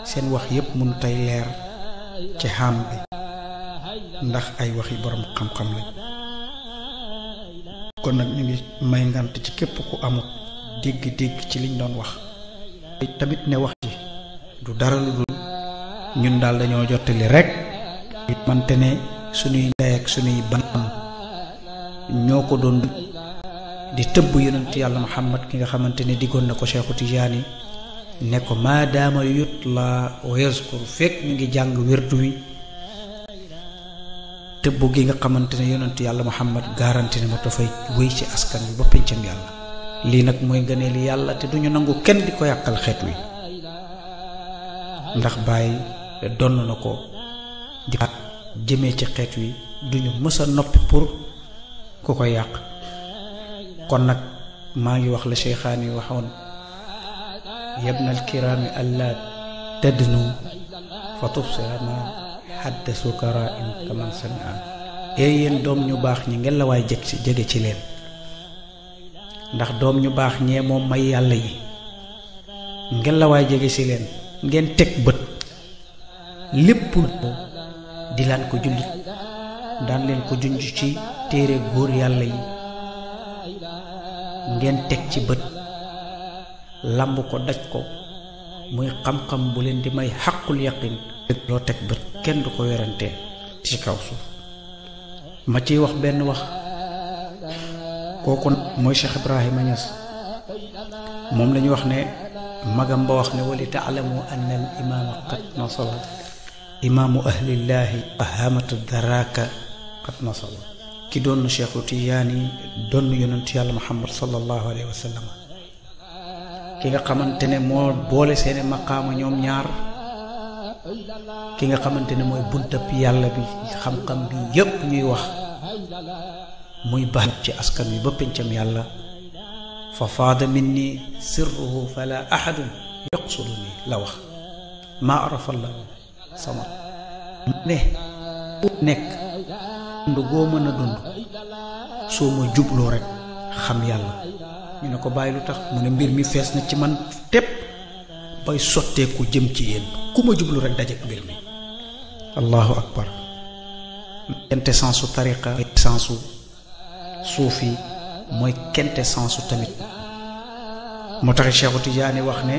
seen wax yépp mun tey leer ci xam bi ndax ay waxi borom xam-xam lañ kon nag ñu ngi may ngant ci képp ku amul dégg-dégg ci liñ doon wax tamit ne wax ji du dara lu dul ñun daal dañoo jottali rek it mante ne suñuy ndey ak suñuy banam ñoo ko doon di tëbb yonent yàlla muhammad ki nga xamante ne diggoon na ko Cheikhu Tijaani ne ko maadaama yut la wa yazkur fekk mi ngi jàng wértu wi tëbbu gi nga xamante ne yonent yàlla Muhammad garanti ne ma dafay wéy ci askan bi ba pencam yàlla lii nag mooy ngëneeli yàlla te duñu nangu kenn di ko yàqal xeet wi ndax bàyyi donn na ko di jëme ci xeet wi du mës a noppi pour ku ko yàq kon nag maa ngi wax la cheykhaan yi waxoon na kiraami allah tadnu fa tubsira ma xadda sukara doom ñu baax ñi ngelawaay la waay jeg ci leen ndax doom ñu baax ñee moom may yàlla yi ngeen la jege ci leen ngeen teg bët lépp di laan ko jullit daan leen ko junj ci téere góor yàlla yi ngeen teg ci bët làmb ko daj ko muy xam-xam bu leen di may xàqul yaqin loo teg bët kenn du ko werante ci kaw suuf ma ciy wax benn wax kooku mooy Cheikh Ibrahima Niass moom la wax ne magam ba wax ne wali taalamu ann al imaama qad nasala imaamu ahlillaahi ahamatu daraka qad ki doon Cheikhu Tiyaani doon yonent yàlla Muhammad sallallahu alayhi wa sallam ki nga xamante ne moo boole seeni maqaama ñoom ñaar ki nga xamante ne mooy bunt buntab yàlla bi xam-xam bi yépp ñuy wax muy baax ci askan wi ba pencam yàlla fa faada min ni sirruhu fala ahadun yaqsudu ni la wax maa arafa la sama ne nekk dund goo mën a dund soo ma jubloo rek xam yàlla ñu ne ko bàyyi lu tax mu ne mbir mi fees na ci man tepp bay sotteeku jëm ci yéen ku ma jublu rek dajeek mbir mi allahu akbar tamit moo tax Cheikhu Tijaani wax ne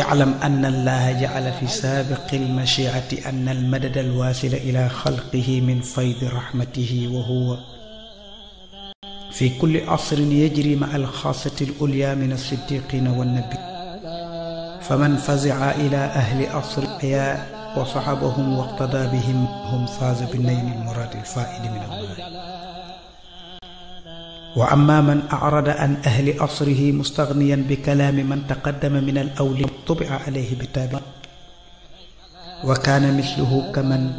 ilam an allaha jacala fi saabiqi almachiati an almadada alwaasila ila xalqihi min faydi raxmatihi wa fi kulli asrin yajri ma alxaasati alulya min alsiddiqina wannabi faman fazia ila ahli asri aya wa saxabahum waqtada bihim hum faaza bi nayli lmuraadi lfaaidi min almaali wa amma man acrada an ahli asrihi mustagniyan bi kalaami man taqaddama min alawliya tubia alayhi bi taabi wa kaana misluhu kaman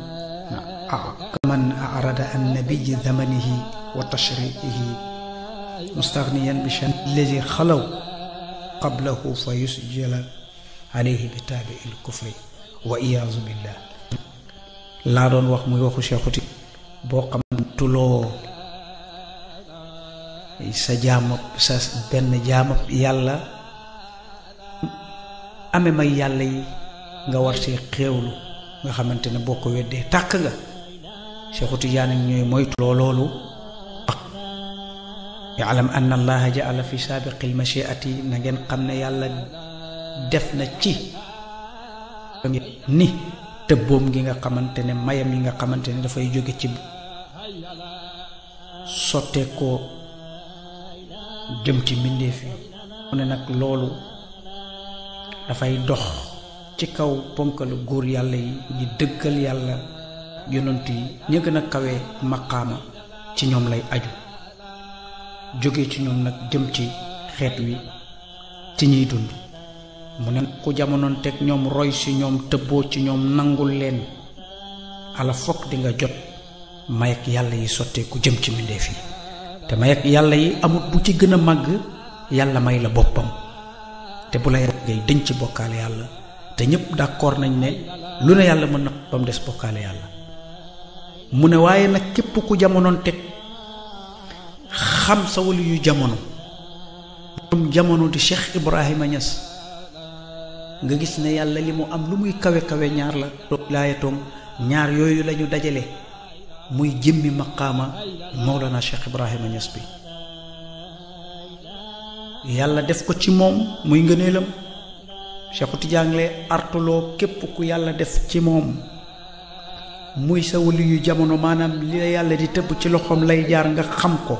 kaman acrada an nabiyi zamanihi wa tashriihi mustagniyan bi shan allazi xalaw qablahu fa yusjala alayhi bi taabi laa doon wax muy waxu seexuti boo xam tuloo sa jaamab sa benn jaamab yàlla ame may yàlla yi nga war see xéewlu nga xamante ne boo ko weddee tàkk nga seexuti yaa nag ñooy moytuloo loolu yaalam anna allaha jaala fi saabiqi almashiati na xam ne yàlla def na ci ni tëbboom gi nga xamante ne mayam yi nga xamante ne dafay jóge ci sotteekoo jëm ci mbindeef yi mu ne nag loolu dafay dox ci kaw ponkalu góor yàlla yi di dëggal yàlla yonent yi ña gën a kawe maqaama ci ñoom lay aju jóge ci ñoom nag jëm ci xeet wi ci ñiy dund mu ne ku jamonoon teg ñoom roy ci ñoom tëbboo ci ñoom nangul leen ala fokk di nga jot mayak yàlla yi sotteeku jëm ci mbindeef yi te mayak yàlla yi amut bu ci gën a màgg yàlla may la boppam te bu la ngay dëñ ci bokkaale yàlla te ñépp d'accord nañ ne lu ne yàlla mën na ba mu des bokkaale yàlla mu ne waaye nag képp ku jamonoon teg xam sa jamono moom jamono di Cheikh Ibrahima Niass nga gis ne yàlla li mu am lu muy kawe kawe ñaar la wilaayatoom ñaar yooyu lañu dajale muy jëmmi maqaama Mawlana Cheikh Ibrahima Niass bi yàlla def ko ci moom muy ngëneelam Cheikhu Tijaan lay képp ku yàlla def ci moom muy sa wali yu jamono maanaam li la yàlla di tëbb ci loxoom lay jaar nga xam ko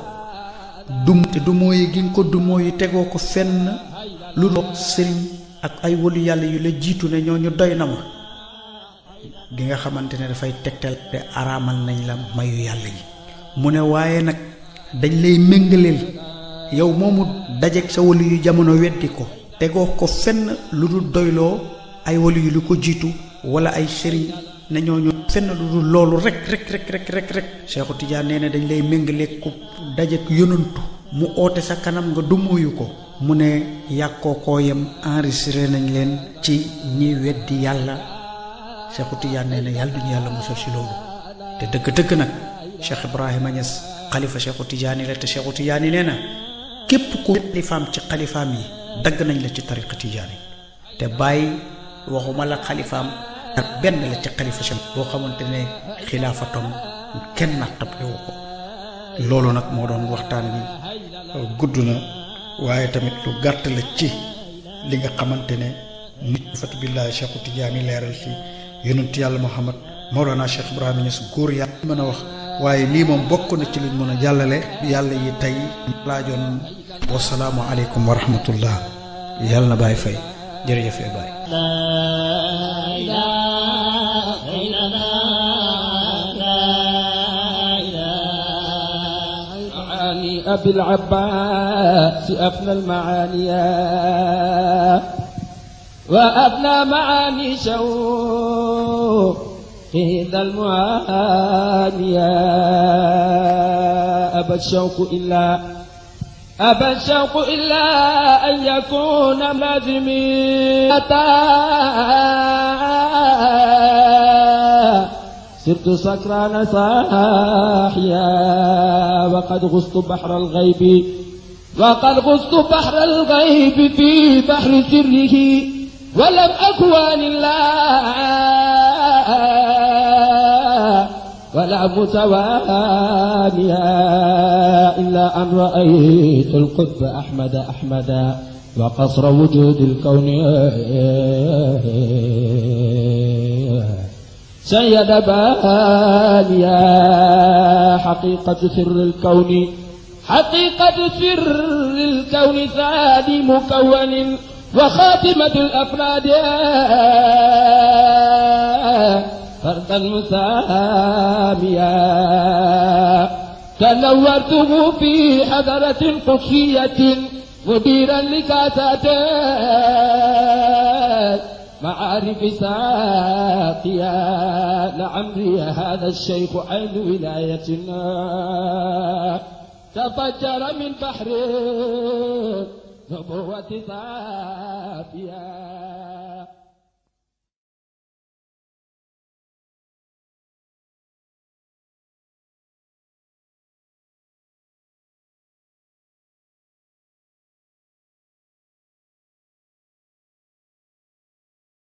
dum te du mooy gi nga ko du mooy tegoo ko fenn lu doog sëriñ ak ay wëlu yàlla yu la jiitu ne ñooñu doy na ma gi nga xamante ne dafay tegtal te araamal nañ la mayu yàlla yi mu ne waaye nag dañ lay méngaleel yow moomu dajeeg sa wëlu yu jamono weddi ko tegoo ko fenn lu dul doyloo ay wëlu yu lu ko jiitu wala ay sëriñ ne ñooñu fenn lu dul loolu rek rek rek rek rek rek Seexu Tijaan nee na dañ lay méngaleeg ku dajeeg yonantu mu oote sa kanam nga dumooyu ko mu ne yàqookooyam enregistré nañ leen ci ñi weddi yàlla Cheikhu Tijaan nee na yàlla duñu yàlla mosal si loolu te dëgg-dëgg nag Cheikh Ibrahima Niass xalifa Cheikhu Tijaani la te Cheikhu Tijaani nee na képp ku xalifaam ci xalifaam yi dagg nañ la ci tariqa Tijaani te bàyyi waxuma la xalifaam ak benn la ci xalifa Cheikh boo xamante ne xilaafatam kenn nattab ko loolu nag moo doon waxtaan bi gudd na waaye tamit lu gàtt la ci li nga xamante ne nit fatu billaahi Cheikhu Tijaani leeral ci yonent yàlla Muhammad Mawlana Cheikh Ibrahima su góor yaa mën a wax waaye lii moom bokk na ci luñ mën a jàllale yàlla yi tey laajoon wasalaamu aleykum wa rahmatullah yàlla na bàyyi fay jërëjëf e bàyyi أبي العباس أفنى المعاني وأبنى معاني شوق في ذا المعاني أبى الشوق إلا أبى الشوق إلا أن يكون ملازمي أتى صرت سكران ساحيا وقد غصت بحر الغيب وقد غصت بحر الغيب في بحر سره ولم أكوان الله ولا متوانيا إلا أن رأيت القطب أحمد أحمدا وقصر وجود الكون سيد باليا حقيقة سر الكون حقيقة سر الكون سعاد مكون وخاتمة الأفراد فردا مساميا تنورته في حضرة قدسية مديرا لكاسات معارف ساقيا لعمري هذا الشيخ عين ولايتنا تفجر من بحر نبوة صافيا